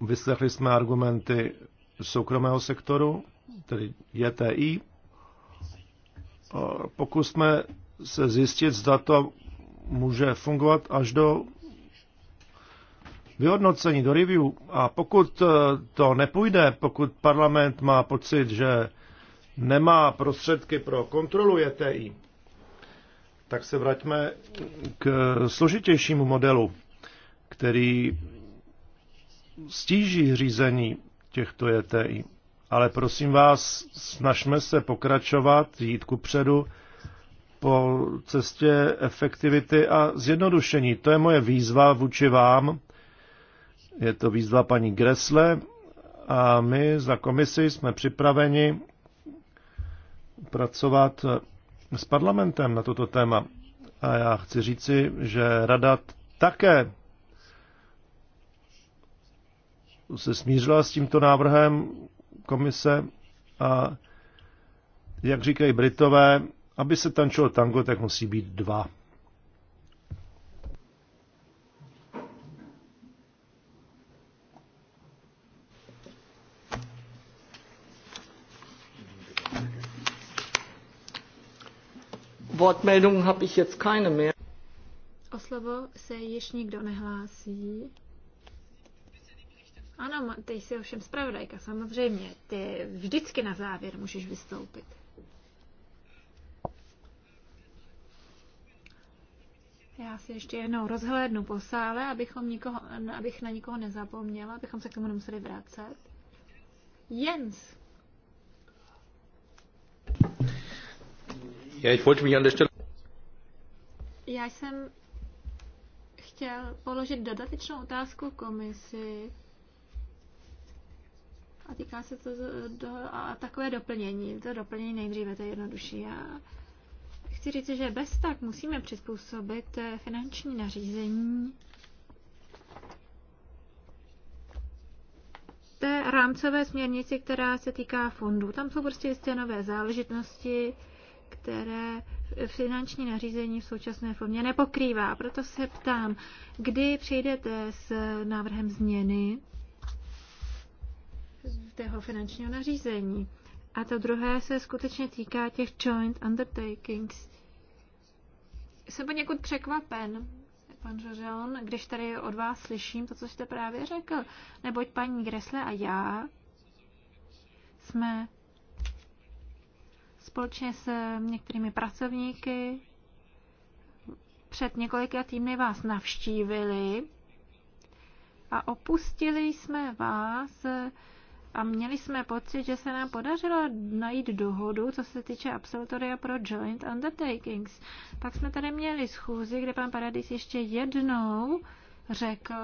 vyslechli jsme argumenty soukromého sektoru, tedy JTI. Eh, pokusme se zjistit, zda to může fungovat až do vyhodnocení, do review a pokud eh, to nepůjde, pokud parlament má pocit, že nemá prostředky pro kontrolu JTI, e tak se vraťme k složitějšímu modelu, který stíží řízení těchto JTI. E Ale prosím vás, snažme se pokračovat, jít ku předu po cestě efektivity a zjednodušení. To je moje výzva vůči vám je to výzva paní Gresle a my za komisi jsme připraveni pracovat s parlamentem na toto téma. A já chci říci, že rada také se smířila s tímto návrhem komise a jak říkají Britové, aby se tančilo tango, tak musí být dva. Wortmeldungen habe ich jetzt keine mehr. Oslovo se již nikdo nehlásí. Ano, ty jsi ovšem zpravodajka, samozřejmě. Ty vždycky na závěr můžeš vystoupit. Já si ještě jednou rozhlédnu po sále, abychom nikoho, abych na nikoho nezapomněla, abychom se k tomu nemuseli vracet. Jens! Já jsem chtěl položit dodatečnou otázku komisi a týká se to do, a takové doplnění. To doplnění nejdříve, to je jednodušší. Já chci říct, že bez tak musíme přizpůsobit finanční nařízení té rámcové směrnici, která se týká fondů. Tam jsou prostě jisté nové záležitosti, které finanční nařízení v současné formě nepokrývá. Proto se ptám, kdy přijdete s návrhem změny tého finančního nařízení. A to druhé se skutečně týká těch joint undertakings. Jsem poněkud překvapen, pan Žožon, když tady od vás slyším to, co jste právě řekl. Neboť paní Gresle a já jsme společně s eh, některými pracovníky před několika týdny vás navštívili a opustili jsme vás eh, a měli jsme pocit, že se nám podařilo najít dohodu, co se týče absolutoria pro joint undertakings. Pak jsme tady měli schůzi, kde pan Paradis ještě jednou řekl,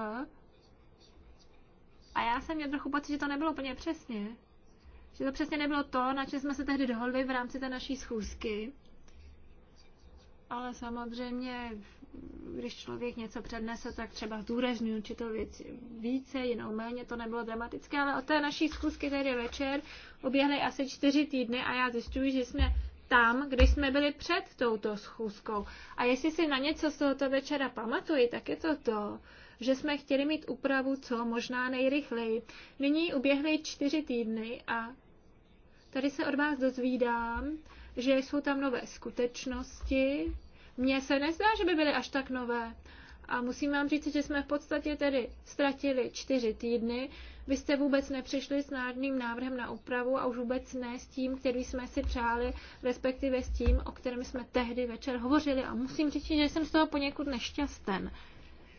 a já jsem měl trochu pocit, že to nebylo úplně přesně, že to přesně nebylo to, na čem jsme se tehdy dohodli v rámci té naší schůzky. Ale samozřejmě, když člověk něco přednese, tak třeba zdůrazní určitou věc více, jinou méně, to nebylo dramatické, ale od té naší schůzky tedy večer oběhly asi čtyři týdny a já zjišťuji, že jsme tam, kde jsme byli před touto schůzkou. A jestli si na něco z tohoto večera pamatuji, tak je to to, že jsme chtěli mít úpravu co možná nejrychleji. Nyní uběhly čtyři týdny a Tady se od vás dozvídám, že jsou tam nové skutečnosti. Mně se nezdá, že by byly až tak nové. A musím vám říct, že jsme v podstatě tedy ztratili čtyři týdny. Vy jste vůbec nepřišli s národním návrhem na úpravu a už vůbec ne s tím, který jsme si přáli, respektive s tím, o kterém jsme tehdy večer hovořili. A musím říct, že jsem z toho poněkud nešťasten.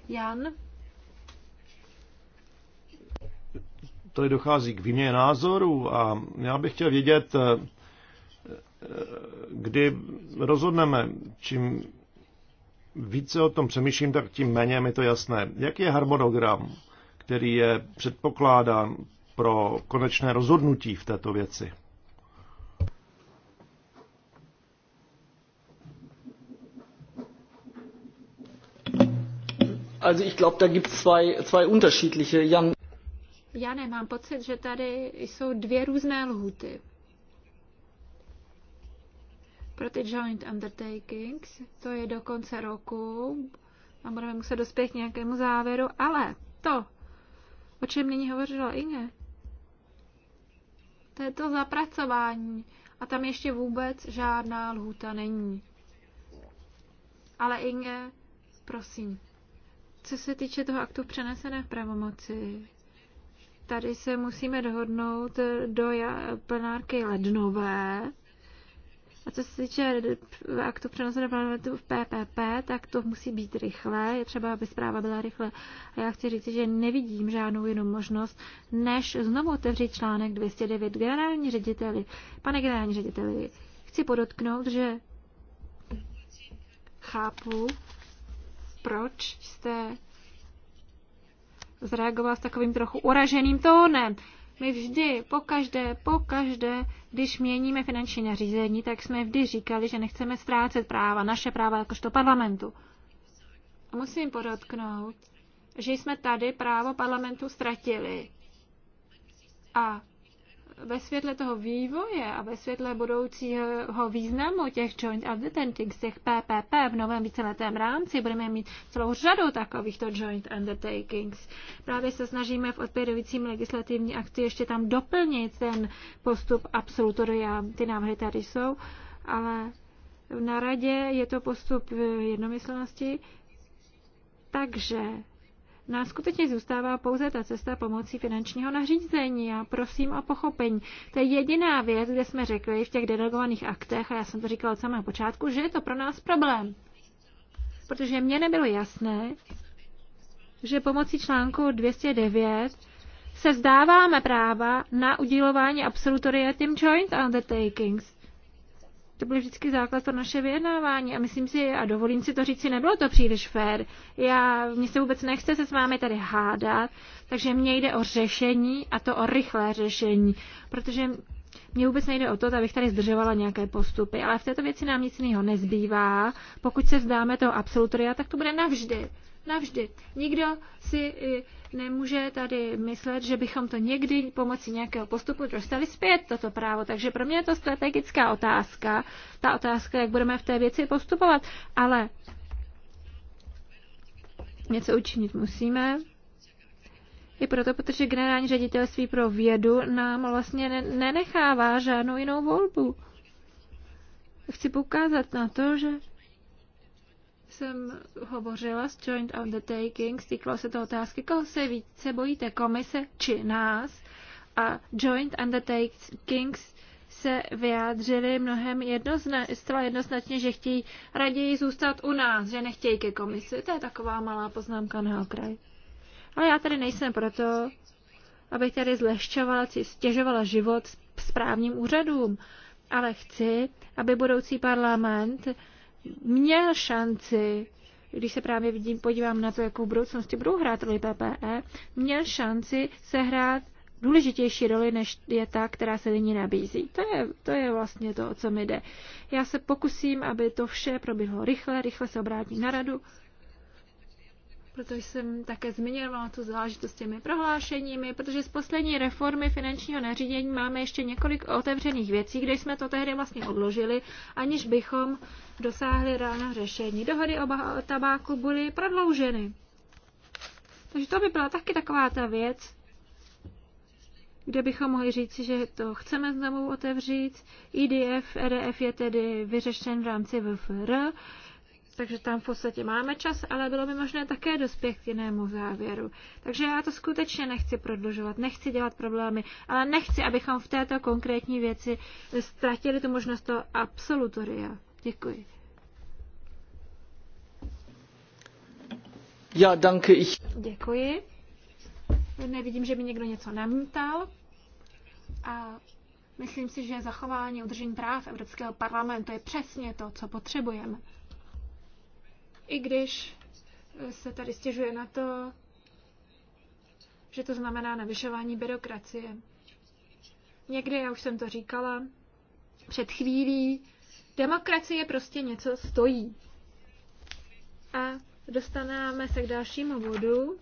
Jan? Tady dochází k výměně názorů a já bych chtěl vědět, eh, eh, kdy rozhodneme, čím více o tom přemýšlím, tak tím méně mi to jasné. Jaký je harmonogram, který je předpokládán pro konečné rozhodnutí v této věci? Also ich glaube, da gibt es zwei, zwei unterschiedliche. Jan já nemám pocit, že tady jsou dvě různé lhuty. Pro ty joint undertakings to je do konce roku a budeme muset dospět k nějakému závěru, ale to, o čem nyní hovořila Inge, to je to zapracování a tam ještě vůbec žádná lhůta není. Ale Inge, prosím, co se týče toho aktu přenesené v pravomoci, Tady se musíme dohodnout do plenárky lednové. A co se týče aktu do parlamentu v PPP, tak to musí být rychle. Je třeba, aby zpráva byla rychle. A já chci říct, že nevidím žádnou jinou možnost, než znovu otevřít článek 209 generální řediteli. Pane generální řediteli, chci podotknout, že chápu, proč jste zareagoval s takovým trochu uraženým tónem. My vždy, po každé, po každé, když měníme finanční nařízení, tak jsme vždy říkali, že nechceme ztrácet práva, naše práva jakožto parlamentu. Musím podotknout, že jsme tady právo parlamentu ztratili. A ve světle toho vývoje a ve světle budoucího významu těch joint undertakings, těch PPP v novém víceletém rámci, budeme mít celou řadu takovýchto joint undertakings. Právě se snažíme v odpovědujícím legislativní akci ještě tam doplnit ten postup absolutoria, ty návrhy tady jsou, ale na radě je to postup jednomyslnosti, takže nás skutečně zůstává pouze ta cesta pomocí finančního nařízení. Já prosím o pochopení. To je jediná věc, kde jsme řekli v těch delegovaných aktech, a já jsem to říkala od samého počátku, že je to pro nás problém. Protože mně nebylo jasné, že pomocí článku 209 se zdáváme práva na udělování absolutoria těm joint undertakings. To byl vždycky základ pro naše vyjednávání a myslím si, a dovolím si to říct, si nebylo to příliš fér. Já, mně se vůbec nechce se s vámi tady hádat, takže mně jde o řešení a to o rychlé řešení, protože mně vůbec nejde o to, abych tady zdržovala nějaké postupy, ale v této věci nám nic jiného nezbývá. Pokud se vzdáme toho absolutoria, tak to bude navždy. Navždy. Nikdo si eh, nemůže tady myslet, že bychom to někdy pomocí nějakého postupu dostali zpět, toto právo. Takže pro mě je to strategická otázka, ta otázka, jak budeme v té věci postupovat. Ale něco učinit musíme. I proto, protože generální ředitelství pro vědu nám vlastně nenechává žádnou jinou volbu. Chci poukázat na to, že jsem hovořila s Joint Undertakings, týkalo se to otázky, koho se více bojíte, komise či nás. A Joint Undertakings se vyjádřili mnohem jednozna, zcela jednoznačně, že chtějí raději zůstat u nás, že nechtějí ke komisi. To je taková malá poznámka na okraj. Ale já tady nejsem proto, abych tady zlehčovala, stěžovala život správním úřadům, ale chci, aby budoucí parlament měl šanci, když se právě vidím, podívám na to, jakou budoucnosti budou hrát roli PPE, měl šanci sehrát důležitější roli, než je ta, která se nyní nabízí. To je, to je vlastně to, o co mi jde. Já se pokusím, aby to vše proběhlo rychle, rychle se obrátím na radu, protože jsem také zmiňovala tu záležitost s těmi prohlášeními, protože z poslední reformy finančního nařízení máme ještě několik otevřených věcí, kde jsme to tehdy vlastně odložili, aniž bychom dosáhli reálného řešení. Dohody o tabáku byly prodlouženy. Takže to by byla taky taková ta věc, kde bychom mohli říci, že to chceme znovu otevřít. IDF, EDF je tedy vyřešen v rámci VFR takže tam v podstatě máme čas, ale bylo by možné také dospět k jinému závěru. Takže já to skutečně nechci prodlužovat, nechci dělat problémy, ale nechci, abychom v této konkrétní věci ztratili tu možnost toho absolutoria. Děkuji. Já danke ich. Děkuji. Nevidím, že by někdo něco namítal. A myslím si, že zachování udržení práv Evropského parlamentu je přesně to, co potřebujeme i když eh, se tady stěžuje na to, že to znamená navyšování byrokracie. Někdy, já už jsem to říkala před chvílí, demokracie prostě něco stojí. A dostaneme se k dalšímu bodu.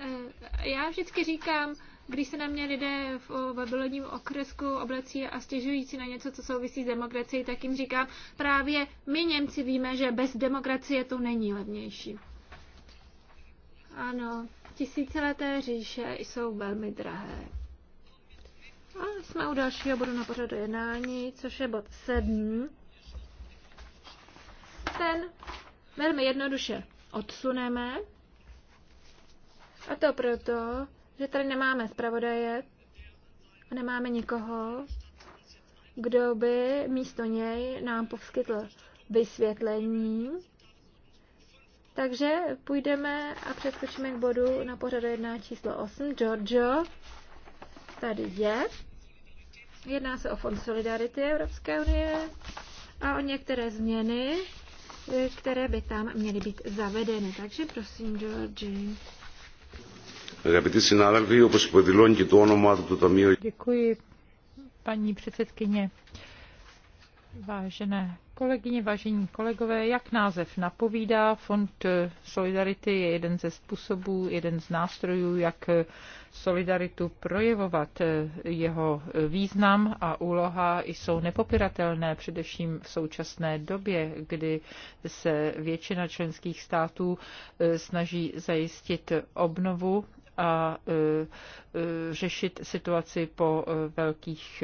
Eh, já vždycky říkám, když se na mě lidé v babylonním okresku obrací a stěžují si na něco, co souvisí s demokracií, tak jim říkám, právě my Němci víme, že bez demokracie to není levnější. Ano, tisícileté říše jsou velmi drahé. A jsme u dalšího bodu na pořadu jednání, což je bod sedm. Ten velmi jednoduše odsuneme. A to proto, že tady nemáme zpravodaje a nemáme nikoho, kdo by místo něj nám poskytl vysvětlení. Takže půjdeme a přeskočíme k bodu na pořadu jedná číslo 8. Giorgio tady je. Jedná se o Fond Solidarity Evropské unie a o některé změny, které by tam měly být zavedeny. Takže prosím, Georgie. Αγαπητοί συνάδελφοι, όπως υποδηλώνει και το του το Ταμείο... Děkuji, paní předsedkyně. Vážené kolegyně, vážení kolegové, jak název napovídá, Fond Solidarity je jeden ze způsobů, jeden z nástrojů, jak solidaritu projevovat. Jeho význam a úloha jsou nepopiratelné, především v současné době, kdy se většina členských států eh, snaží zajistit obnovu a e, e, řešit situaci po e, velkých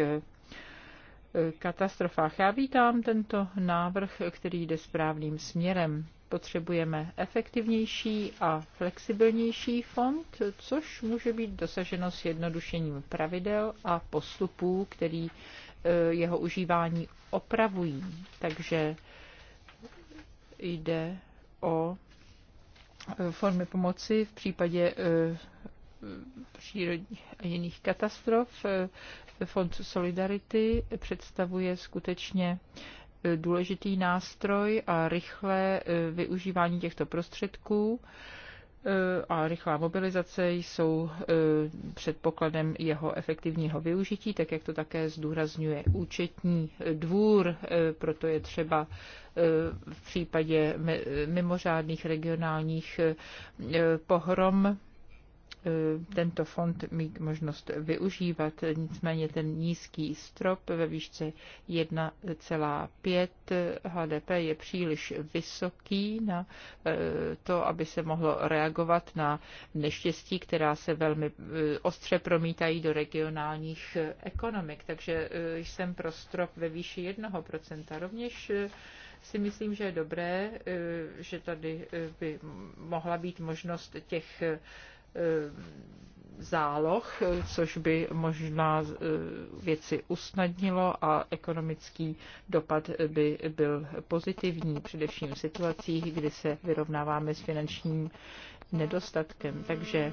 katastrofách. Já vítám tento návrh, který jde správným směrem. Potřebujeme efektivnější a flexibilnější fond, což může být dosaženo s jednodušením pravidel a postupů, který jeho užívání opravují. Takže jde o Eh, formy pomoci v případě eh, eh, přírodních a jiných katastrof. Fond Solidarity představuje skutečně důležitý nástroj a rychlé využívání těchto prostředků a rychlá mobilizace jsou e, předpokladem jeho efektivního využití, tak jak to také zdůrazňuje účetní dvůr, e, proto je třeba e, v případě mimořádných regionálních pohrom Eh, tento fond mít možnost využívat. Nicméně ten nízký strop ve výšce 1,5 HDP je příliš vysoký na eh, to, aby se mohlo reagovat na neštěstí, která se velmi eh, ostře promítají do regionálních ekonomik. Takže jsem pro strop ve výši 1%. Rovněž si myslím, že je dobré, že tady by mohla být možnost těch Eh, záloh, což by možná eh, věci usnadnilo a ekonomický dopad by byl pozitivní, především v situacích, kdy se vyrovnáváme s finančním nedostatkem. Takže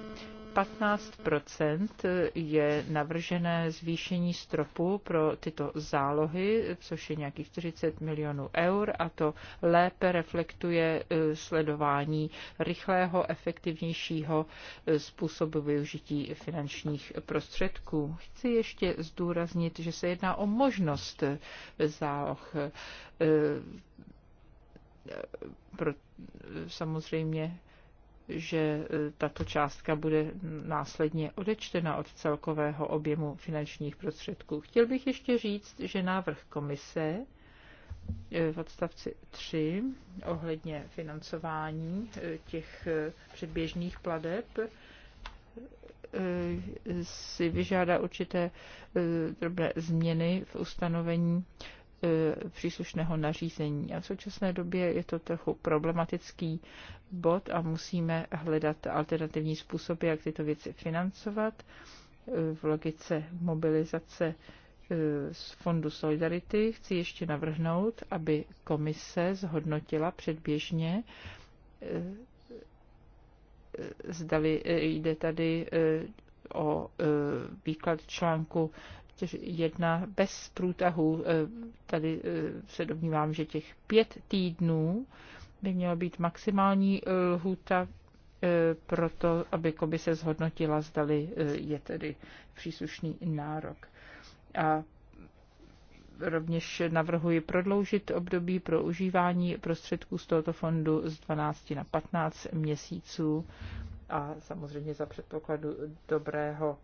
15 je navržené zvýšení stropu pro tyto zálohy, což je nějakých 40 milionů eur a to lépe reflektuje eh, sledování rychlého, efektivnějšího eh, způsobu využití finančních prostředků. Chci ještě zdůraznit, že se jedná o možnost eh, záloh pro, samozřejmě že e, tato částka bude následně odečtena od celkového objemu finančních prostředků. Chtěl bych ještě říct, že návrh komise e, v odstavci 3 ohledně financování e, těch předběžných pladeb si vyžádá určité drobné změny v ustanovení E, příslušného nařízení. A v současné době je to trochu problematický bod a musíme hledat alternativní způsoby, jak tyto věci financovat e, v logice mobilizace e, z Fondu Solidarity chci ještě navrhnout, aby komise zhodnotila předběžně, zdali jde tady o výklad článku jedna bez průtahu eh, Tady eh, se domnívám, že těch pět týdnů by měla být maximální eh, lhůta pro to, aby komise zhodnotila, zdali je tedy příslušný nárok. A rovněž navrhuji prodloužit období pro užívání prostředků z tohoto fondu z 12 na 15 měsíců a samozřejmě za předpokladu dobrého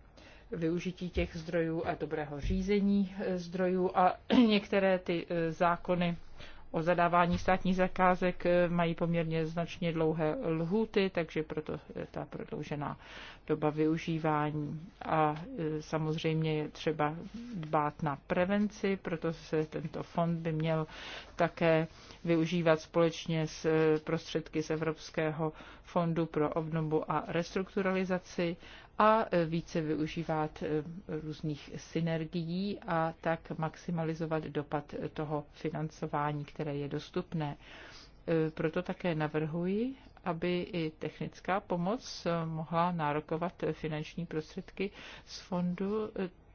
využití těch zdrojů a dobrého řízení eh, zdrojů a některé ty eh, zákony o zadávání státních zakázek eh, mají poměrně značně dlouhé lhuty, takže proto je ta prodloužená doba využívání. A samozřejmě je třeba dbát na prevenci, proto se tento fond by měl také využívat společně s eh, prostředky z Evropského fondu pro obnovu a restrukturalizaci a eh, více využívat eh, různých synergií a tak maximalizovat dopad toho financování, které je dostupné. Proto také navrhuji, aby i technická pomoc mohla nárokovat finanční prostředky z fondu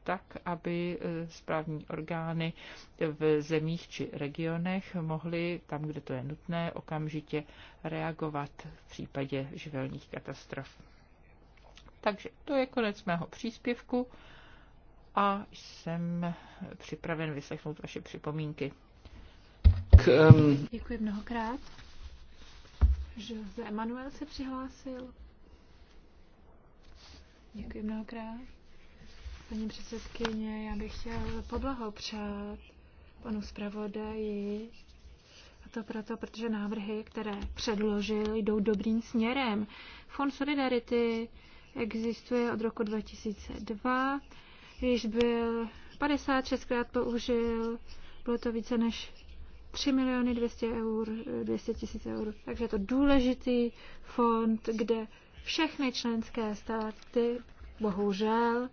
tak, aby eh, správní orgány v zemích či regionech mohly tam, kde to je nutné, okamžitě reagovat v případě živelních katastrof. Takže to je konec mého příspěvku a jsem připraven vyslechnout vaše připomínky. Ehm, Děkuji mnohokrát. Jose Emanuel se přihlásil. Děkuji mnohokrát. Paní předsedkyně, já bych chtěl poblahopřát panu zpravodaji. A to proto, protože návrhy, které předložil, jdou dobrým směrem. Fond Solidarity existuje od roku 2002, když byl 56krát použil, bylo to více než 3 miliony 200 eur, 200 tisíc eur. Takže je to důležitý fond, kde všechny členské státy bohužel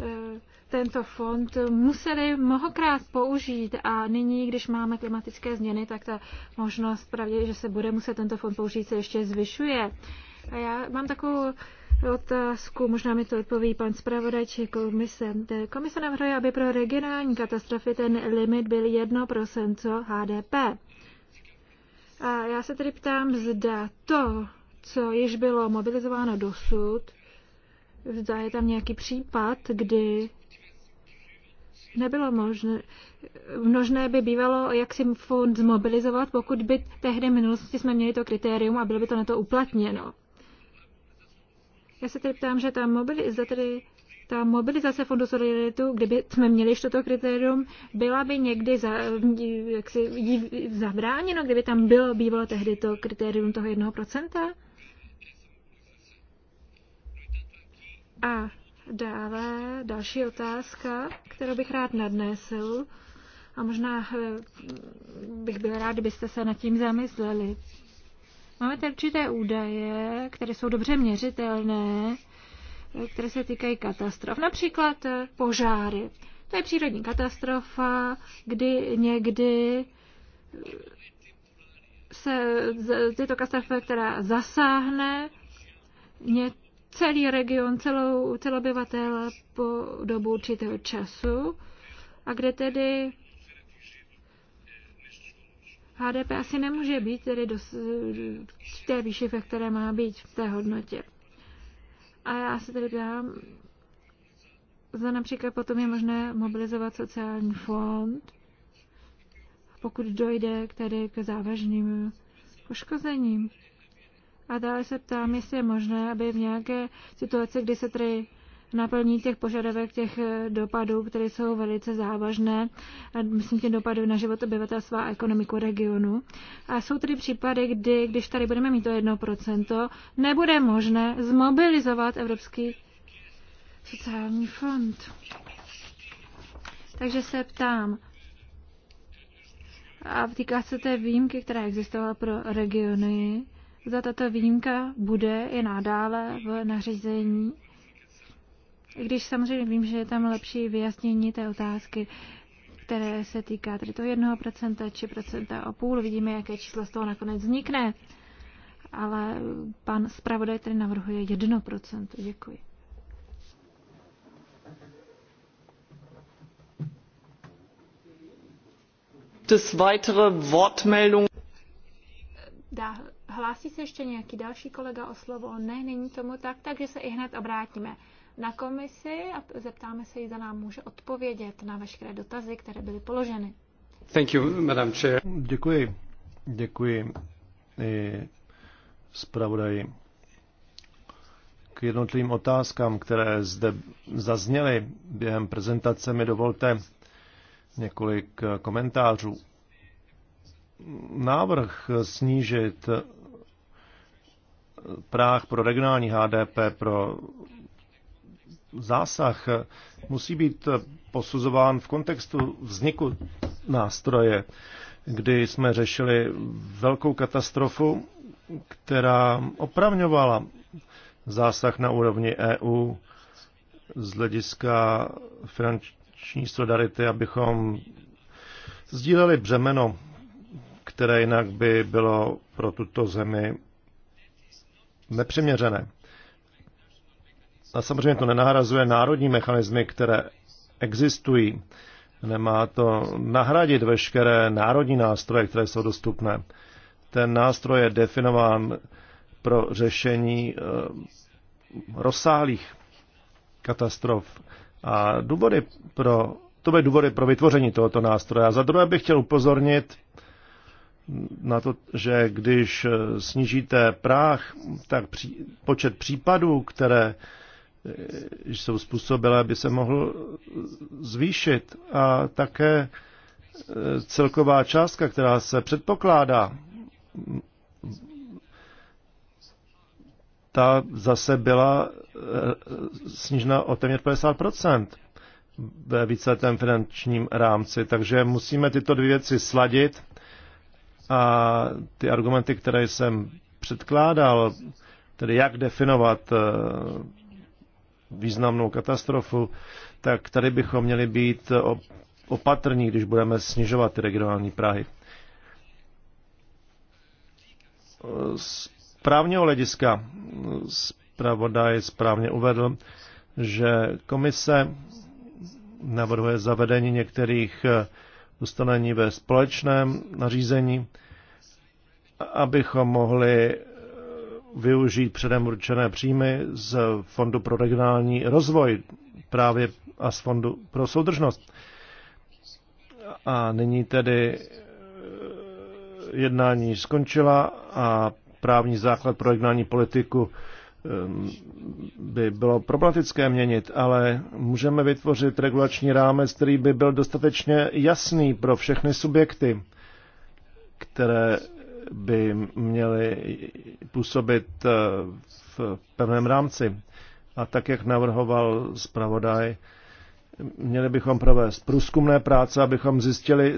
Eh, tento fond museli mnohokrát použít a nyní, když máme klimatické změny, tak ta možnost, pravdě, že se bude muset tento fond použít, se ještě zvyšuje. A já mám takovou otázku, možná mi to odpoví pan zpravodaj či komise. Komise navrhuje, aby pro regionální katastrofy ten limit byl 1% HDP. A já se tedy ptám, zda to, co již bylo mobilizováno dosud, zda je tam nějaký případ, kdy nebylo možné, množné by bývalo, jak si fond zmobilizovat, pokud by tehdy v minulosti jsme měli to kritérium a bylo by to na to uplatněno. Já se tedy ptám, že ta mobilizace, tedy ta mobilizace fondu Solidaritu, kdyby jsme měli ještě toto kritérium, byla by někdy za, jaksi, zabráněno, kdyby tam bylo bývalo tehdy to kritérium toho jednoho procenta? A dále další otázka, kterou bych rád nadnesl a možná eh, bych byl rád, kdybyste se nad tím zamysleli. Máme tady určité údaje, které jsou dobře měřitelné, eh, které se týkají katastrof. Například eh, požáry. To je přírodní katastrofa, kdy někdy se tyto katastrofy, která zasáhne, celý region, celou, celou obyvatel po dobu určitého času a kde tedy HDP asi nemůže být tedy do, v té výši, ve které má být v té hodnotě. A já se tedy dám, za například potom je možné mobilizovat sociální fond, pokud dojde k tedy k závažným poškozením. A dále se ptám, jestli je možné, aby v nějaké situaci, kdy se tedy naplní těch požadavek těch eh, dopadů, které jsou velice závažné, myslím tě dopadů na život obyvatelstva a ekonomiku regionu. A jsou tedy případy, kdy, když tady budeme mít to 1%, nebude možné zmobilizovat Evropský sociální fond. Takže se ptám, a týká se té výjimky, která existovala pro regiony, za tato výjimka bude i nadále v nařízení, když samozřejmě vím, že je tam lepší vyjasnění té otázky, které se týká tedy toho jednoho procenta či procenta o půl. Vidíme, jaké číslo z toho nakonec vznikne. Ale pan zpravodaj tedy navrhuje jedno procento. Děkuji. Des weitere Wortmeldung. Da, Hlásí se ještě nějaký další kolega o slovo? Ne, není tomu tak, takže se i hned obrátíme na komisi a zeptáme se, zda nám může odpovědět na veškeré dotazy, které byly položeny. Thank you, Madam Chair. Děkuji. Děkuji i zpravodaji k jednotlivým otázkám, které zde zazněly během prezentace, mi dovolte několik komentářů. Návrh snížit práh pro regionální HDP, pro zásah musí být posuzován v kontextu vzniku nástroje, kdy jsme řešili velkou katastrofu, která opravňovala zásah na úrovni EU z hlediska finanční solidarity, abychom sdíleli břemeno, které jinak by bylo pro tuto zemi nepřiměřené. A samozřejmě to nenahrazuje národní mechanismy, které existují. Nemá to nahradit veškeré národní nástroje, které jsou dostupné. Ten nástroj je definován pro řešení eh, rozsáhlých katastrof. A důvody pro, to byly důvody pro vytvoření tohoto nástroje. A za druhé bych chtěl upozornit na to, že když eh, snížíte práh, tak pří, počet případů, které eh, jsou způsobilé, by se mohl eh, zvýšit. A také celková částka, která se předpokládá, ta zase byla snížena o téměř 50 ve víceletém finančním rámci. Takže musíme tyto dvě věci sladit a ty argumenty, které jsem předkládal, tedy jak definovat eh, významnou katastrofu, tak tady bychom měli být opatrní, když budeme snižovat ty regionální Prahy. Z eh, právního hlediska eh, zpravodaj správně uvedl, že komise navrhuje zavedení některých ustanovení ve společném nařízení, abychom mohli eh, využít předem určené příjmy z Fondu pro regionální rozvoj právě a z Fondu pro soudržnost. A nyní tedy eh, jednání skončila a právní základ pro regionální politiku Ehm, by bylo problematické měnit, ale můžeme vytvořit regulační rámec, který by byl dostatečně jasný pro všechny subjekty, které by měly působit eh, v pevném rámci. A tak, jak navrhoval zpravodaj, měli bychom provést průzkumné práce, abychom zjistili,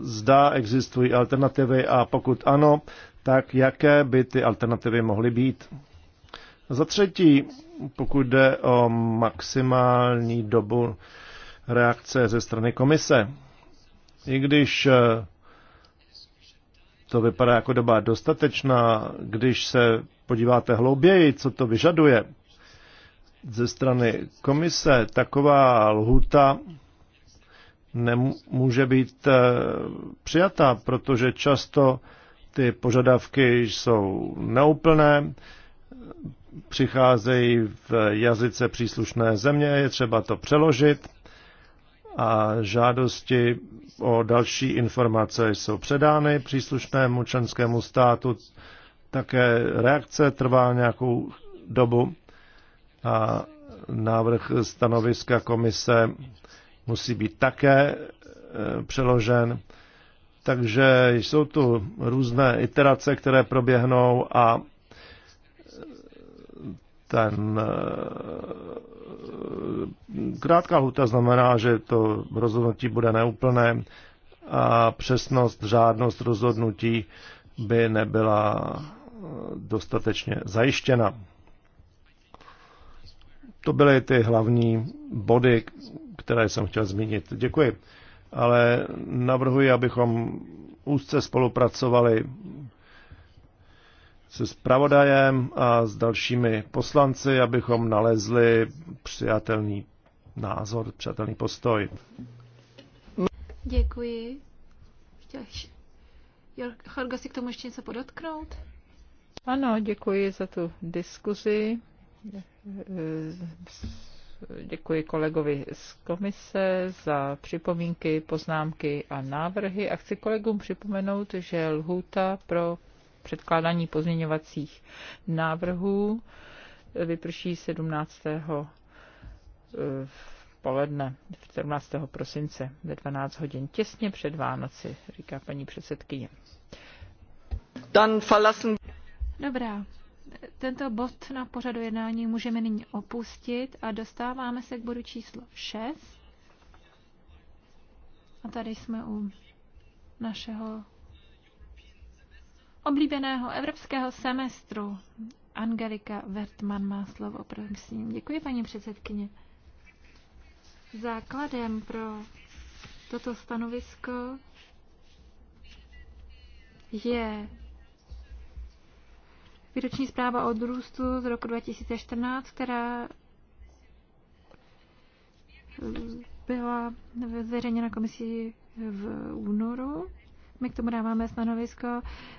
zda existují alternativy a pokud ano, tak jaké by ty alternativy mohly být. Za třetí, pokud jde o maximální dobu reakce ze strany komise, i když eh, to vypadá jako doba dostatečná, když se podíváte hlouběji, co to vyžaduje ze strany komise, taková lhuta nemůže být eh, přijata, protože často ty požadavky jsou neúplné, přicházejí v jazyce příslušné země, je třeba to přeložit a žádosti o další informace jsou předány příslušnému členskému státu. Také reakce trvá nějakou dobu a návrh stanoviska komise musí být také e, přeložen. Takže jsou tu různé iterace, které proběhnou a ten eh, krátká lhuta znamená, že to rozhodnutí bude neúplné a přesnost, řádnost rozhodnutí by nebyla eh, dostatečně zajištěna. To byly ty hlavní body, které jsem chtěl zmínit. Děkuji. Ale navrhuji, abychom úzce spolupracovali se zpravodajem a s dalšími poslanci, abychom nalezli přijatelný názor, přijatelný postoj. Děkuji. Chorga, si k tomu ještě něco podotknout? Ano, děkuji za tu diskuzi. Děkuji kolegovi z komise za připomínky, poznámky a návrhy a chci kolegům připomenout, že lhůta pro předkládání pozměňovacích návrhů vyprší 17. Eh, v poledne, 17. prosince ve 12 hodin, těsně před Vánoci, říká paní předsedkyně. Dan verlassen. Dobrá. Tento bod na pořadu jednání můžeme nyní opustit a dostáváme se k bodu číslo 6. A tady jsme u našeho oblíbeného evropského semestru. Angelika Wertmann má slovo, prosím. Děkuji, paní předsedkyně. Základem pro toto stanovisko je výroční zpráva o růstu z roku 2014, která byla zveřejněna komisí v únoru my k tomu dáváme stanovisko.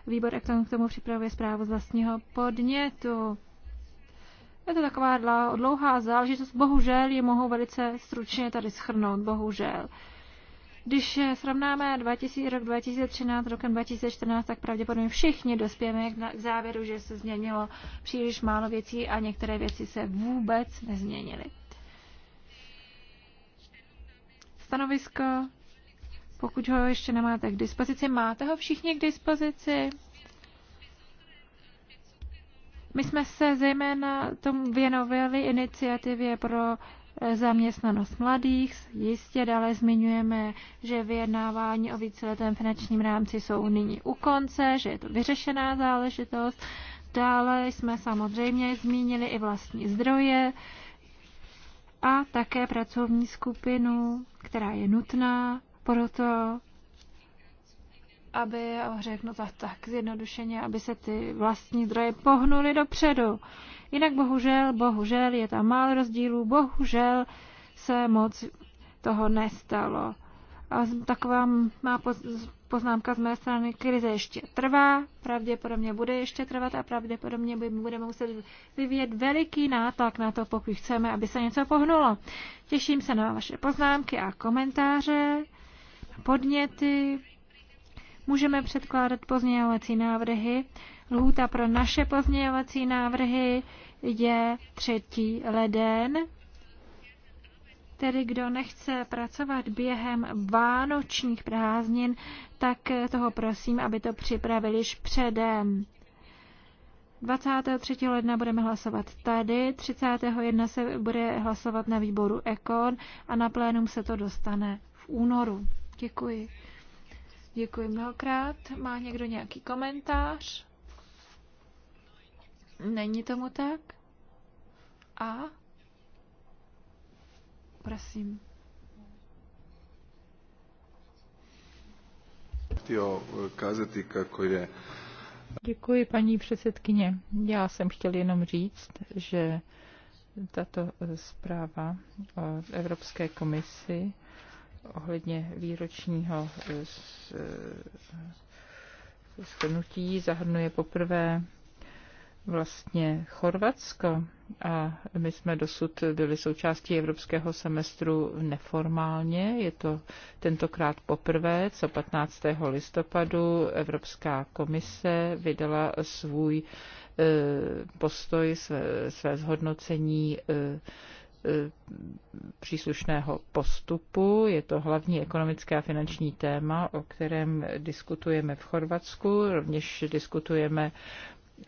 Výbor Ekton k tomu připravuje zprávu z vlastního podnětu. Je to taková dlouhá záležitost. Bohužel je mohou velice stručně tady schrnout. Bohužel. Když srovnáme 2000, rok 2013 rokem 2014, tak pravděpodobně všichni dospějeme k závěru, že se změnilo příliš málo věcí a některé věci se vůbec nezměnily. Stanovisko pokud ho ještě nemáte k dispozici, máte ho všichni k dispozici? My jsme se zejména tomu věnovali iniciativě pro eh, zaměstnanost mladých. Jistě dále zmiňujeme, že vyjednávání o víceletém finančním rámci jsou nyní u konce, že je to vyřešená záležitost. Dále jsme samozřejmě zmínili i vlastní zdroje a také pracovní skupinu, která je nutná proto, aby, řeknu to tak zjednodušeně, aby se ty vlastní zdroje pohnuly dopředu. Jinak bohužel, bohužel je tam málo rozdílů, bohužel se moc toho nestalo. A taková má poznámka z mé strany, krize ještě trvá, pravděpodobně bude ještě trvat a pravděpodobně budeme muset vyvíjet veliký nátlak na to, pokud chceme, aby se něco pohnulo. Těším se na vaše poznámky a komentáře podněty, můžeme předkládat pozměňovací návrhy. Lhůta pro naše pozměňovací návrhy je 3. leden. Tedy kdo nechce pracovat během vánočních prázdnin, tak toho prosím, aby to připravili již předem. 23. ledna budeme hlasovat tady, 31. se bude hlasovat na výboru Ekon a na plénum se to dostane v únoru. Děkuji. Děkuji mnohokrát. Má někdo nějaký komentář? Není tomu tak? A? Prosím. Chtěl eh, je. Děkuji, paní předsedkyně. Já jsem chtěl jenom říct, že tato eh, zpráva o eh, Evropské komisi ohledně výročního eh, eh, shrnutí zahrnuje poprvé vlastně Chorvatsko a my jsme dosud byli součástí evropského semestru neformálně. Je to tentokrát poprvé, co 15. listopadu Evropská komise vydala svůj eh, postoj, své, své zhodnocení Eh, příslušného postupu. Je to hlavní ekonomické a finanční téma, o kterém diskutujeme v Chorvatsku. Rovněž diskutujeme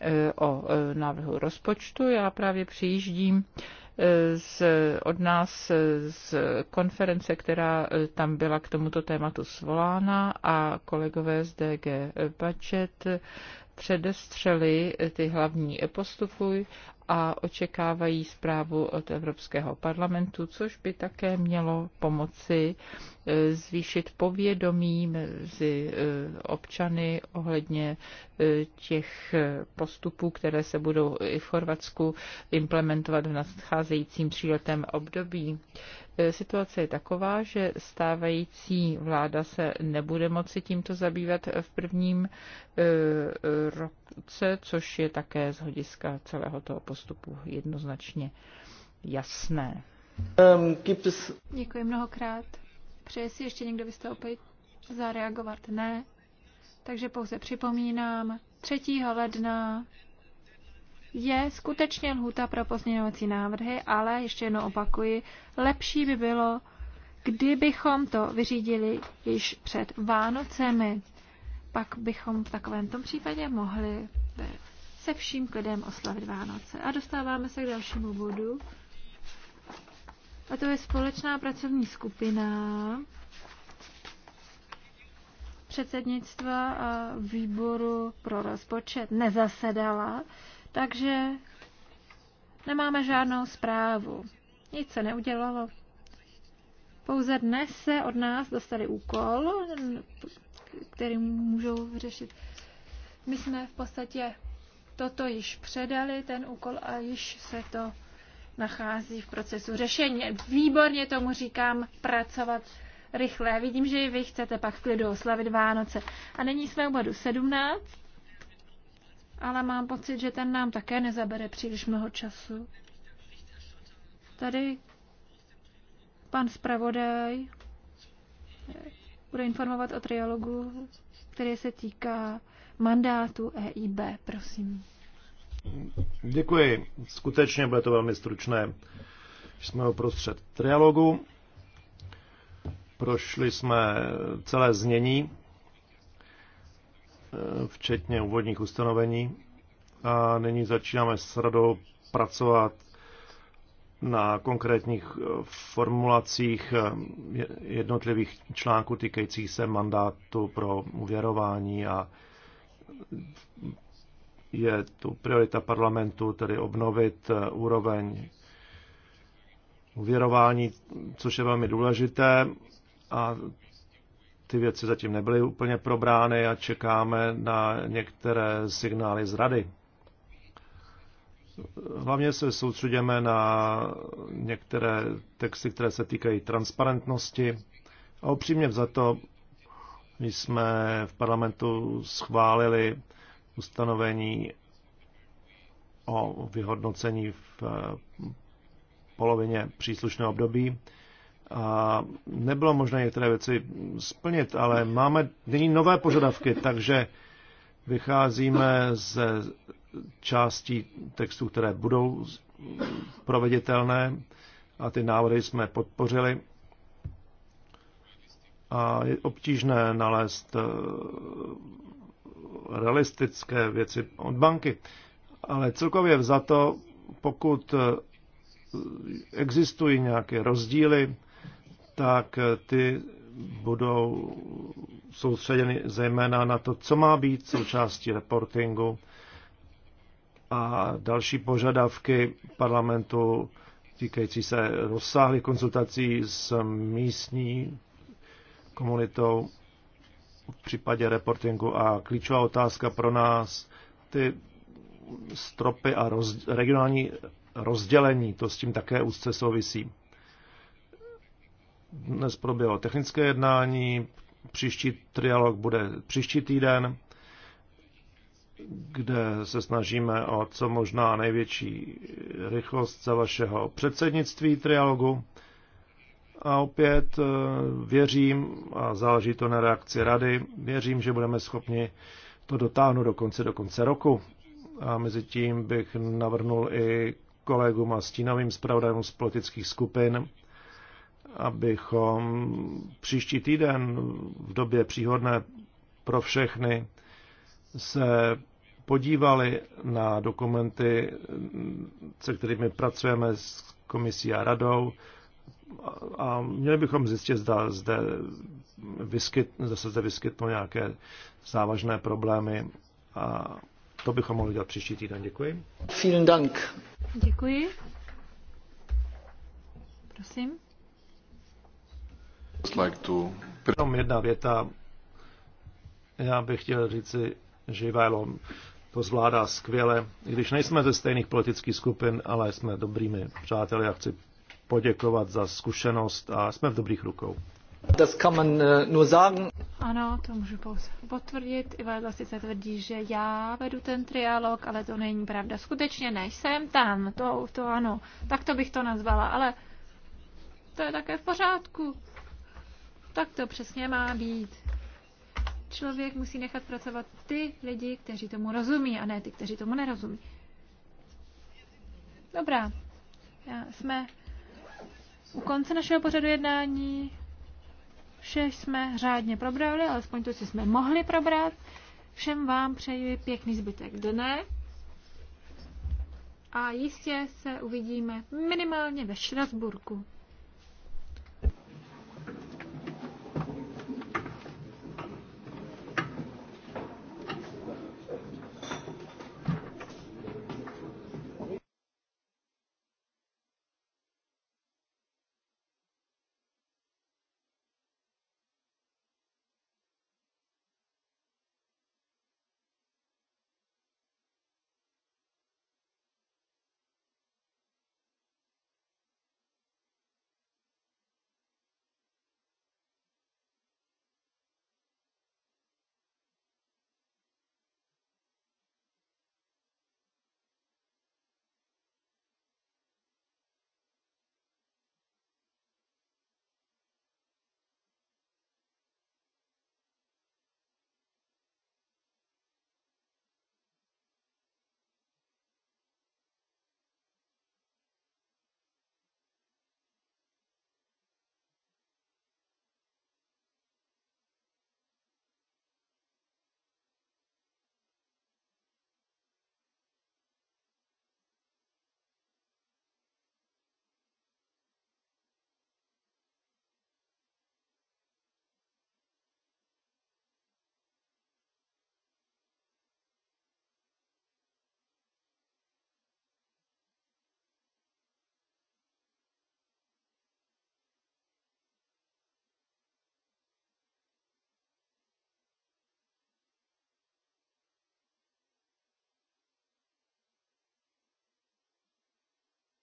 eh, o eh, návrhu rozpočtu. Já právě přijíždím z, od nás z konference, která tam byla k tomuto tématu svolána a kolegové z DG Budget předestřeli ty hlavní postupy a očekávají zprávu od Evropského parlamentu, což by také mělo pomoci e, zvýšit povědomí mezi e, občany ohledně e, těch postupů, které se budou i v Chorvatsku implementovat v nadcházejícím tříletém období. E, situace je taková, že stávající vláda se nebude moci tímto zabývat v prvním e, roce, což je také z hlediska celého toho postupu jednoznačně jasné. Ehm, Děkuji mnohokrát. Přeje si ještě někdo vystoupit? Zareagovat ne. Takže pouze připomínám, 3. ledna je skutečně lhuta pro pozměňovací návrhy, ale ještě jednou opakuji, lepší by bylo, kdybychom to vyřídili již před Vánocemi. Pak bychom v takovém tom případě mohli se vším klidem oslavit Vánoce. A dostáváme se k dalšímu bodu. A to je společná pracovní skupina předsednictva a výboru pro rozpočet nezasedala. Takže nemáme žádnou zprávu. Nic se neudělalo. Pouze dnes se od nás dostali úkol, který můžou řešit. My jsme v podstatě toto již předali, ten úkol, a již se to nachází v procesu řešení. Výborně tomu říkám pracovat rychle. Vidím, že i vy chcete pak v klidu oslavit Vánoce. A nyní jsme u bodu 17 ale mám pocit, že ten nám také nezabere příliš mnoho času. Tady pan zpravodaj bude informovat o trialogu, který se týká mandátu EIB, prosím. Děkuji. Skutečně bude to velmi stručné. Jsme uprostřed trialogu. Prošli jsme celé znění včetně úvodních ustanovení. A nyní začínáme s radou pracovat na konkrétních eh, formulacích eh, jednotlivých článků týkajících se mandátu pro uvěrování a je tu priorita parlamentu, tedy obnovit eh, úroveň uvěrování, což je velmi důležité a ty věci zatím nebyly úplně probrány a čekáme na některé signály z rady. Hlavně se soustředíme na některé texty, které se týkají transparentnosti. A upřímně za to jsme v parlamentu schválili ustanovení o vyhodnocení v polovině příslušného období a nebylo možné některé věci splnit, ale máme nyní nové požadavky, takže vycházíme z částí textů, které budou proveditelné a ty návrhy jsme podpořili. A je obtížné nalézt eh, realistické věci od banky. Ale celkově to, pokud eh, existují nějaké rozdíly tak ty budou soustředěny zejména na to, co má být součástí reportingu a další požadavky parlamentu týkající se rozsáhlých konzultací s místní komunitou v případě reportingu a klíčová otázka pro nás, ty stropy a roz, regionální rozdělení, to s tím také úzce souvisí. Dnes proběhlo technické jednání, příští trialog bude příští týden, kde se snažíme o co možná největší rychlost za vašeho předsednictví trialogu. A opět eh, věřím, a záleží to na reakci rady, věřím, že budeme schopni to dotáhnout do konce, do konce roku. A mezi tím bych navrhnul i kolegům a stínovým zpravodajům z politických skupin, abychom příští týden v době příhodné pro všechny se podívali na dokumenty, se kterými pracujeme s komisí a radou a měli bychom zjistit, zda, zde vyskyt, zase zde vyskytnou nějaké závažné problémy a to bychom mohli dělat příští týden. Děkuji. Vielen Dank. Děkuji. Prosím. Jenom jedna věta. Já bych chtěl říci, že Ivajlo to zvládá skvěle, i když nejsme ze stejných politických skupin, ale jsme dobrými přáteli a chci poděkovat za zkušenost a jsme v dobrých rukou. Das kann man äh, nur sagen. Ano, to můžu pouze potvrdit. Ivadla sice tvrdí, že já vedu ten trialog, ale to není pravda. Skutečně ne, jsem tam, to, to ano, tak to bych to nazvala, ale to je také v pořádku. Tak to přesně má být. Člověk musí nechat pracovat ty lidi, kteří tomu rozumí, a ne ty, kteří tomu nerozumí. Dobrá. Jsme u konce našeho pořadu jednání. Vše jsme řádně probrali, alespoň to, co jsme mohli probrat. Všem vám přeji pěkný zbytek dne. A jistě se uvidíme minimálně ve Štrasburku.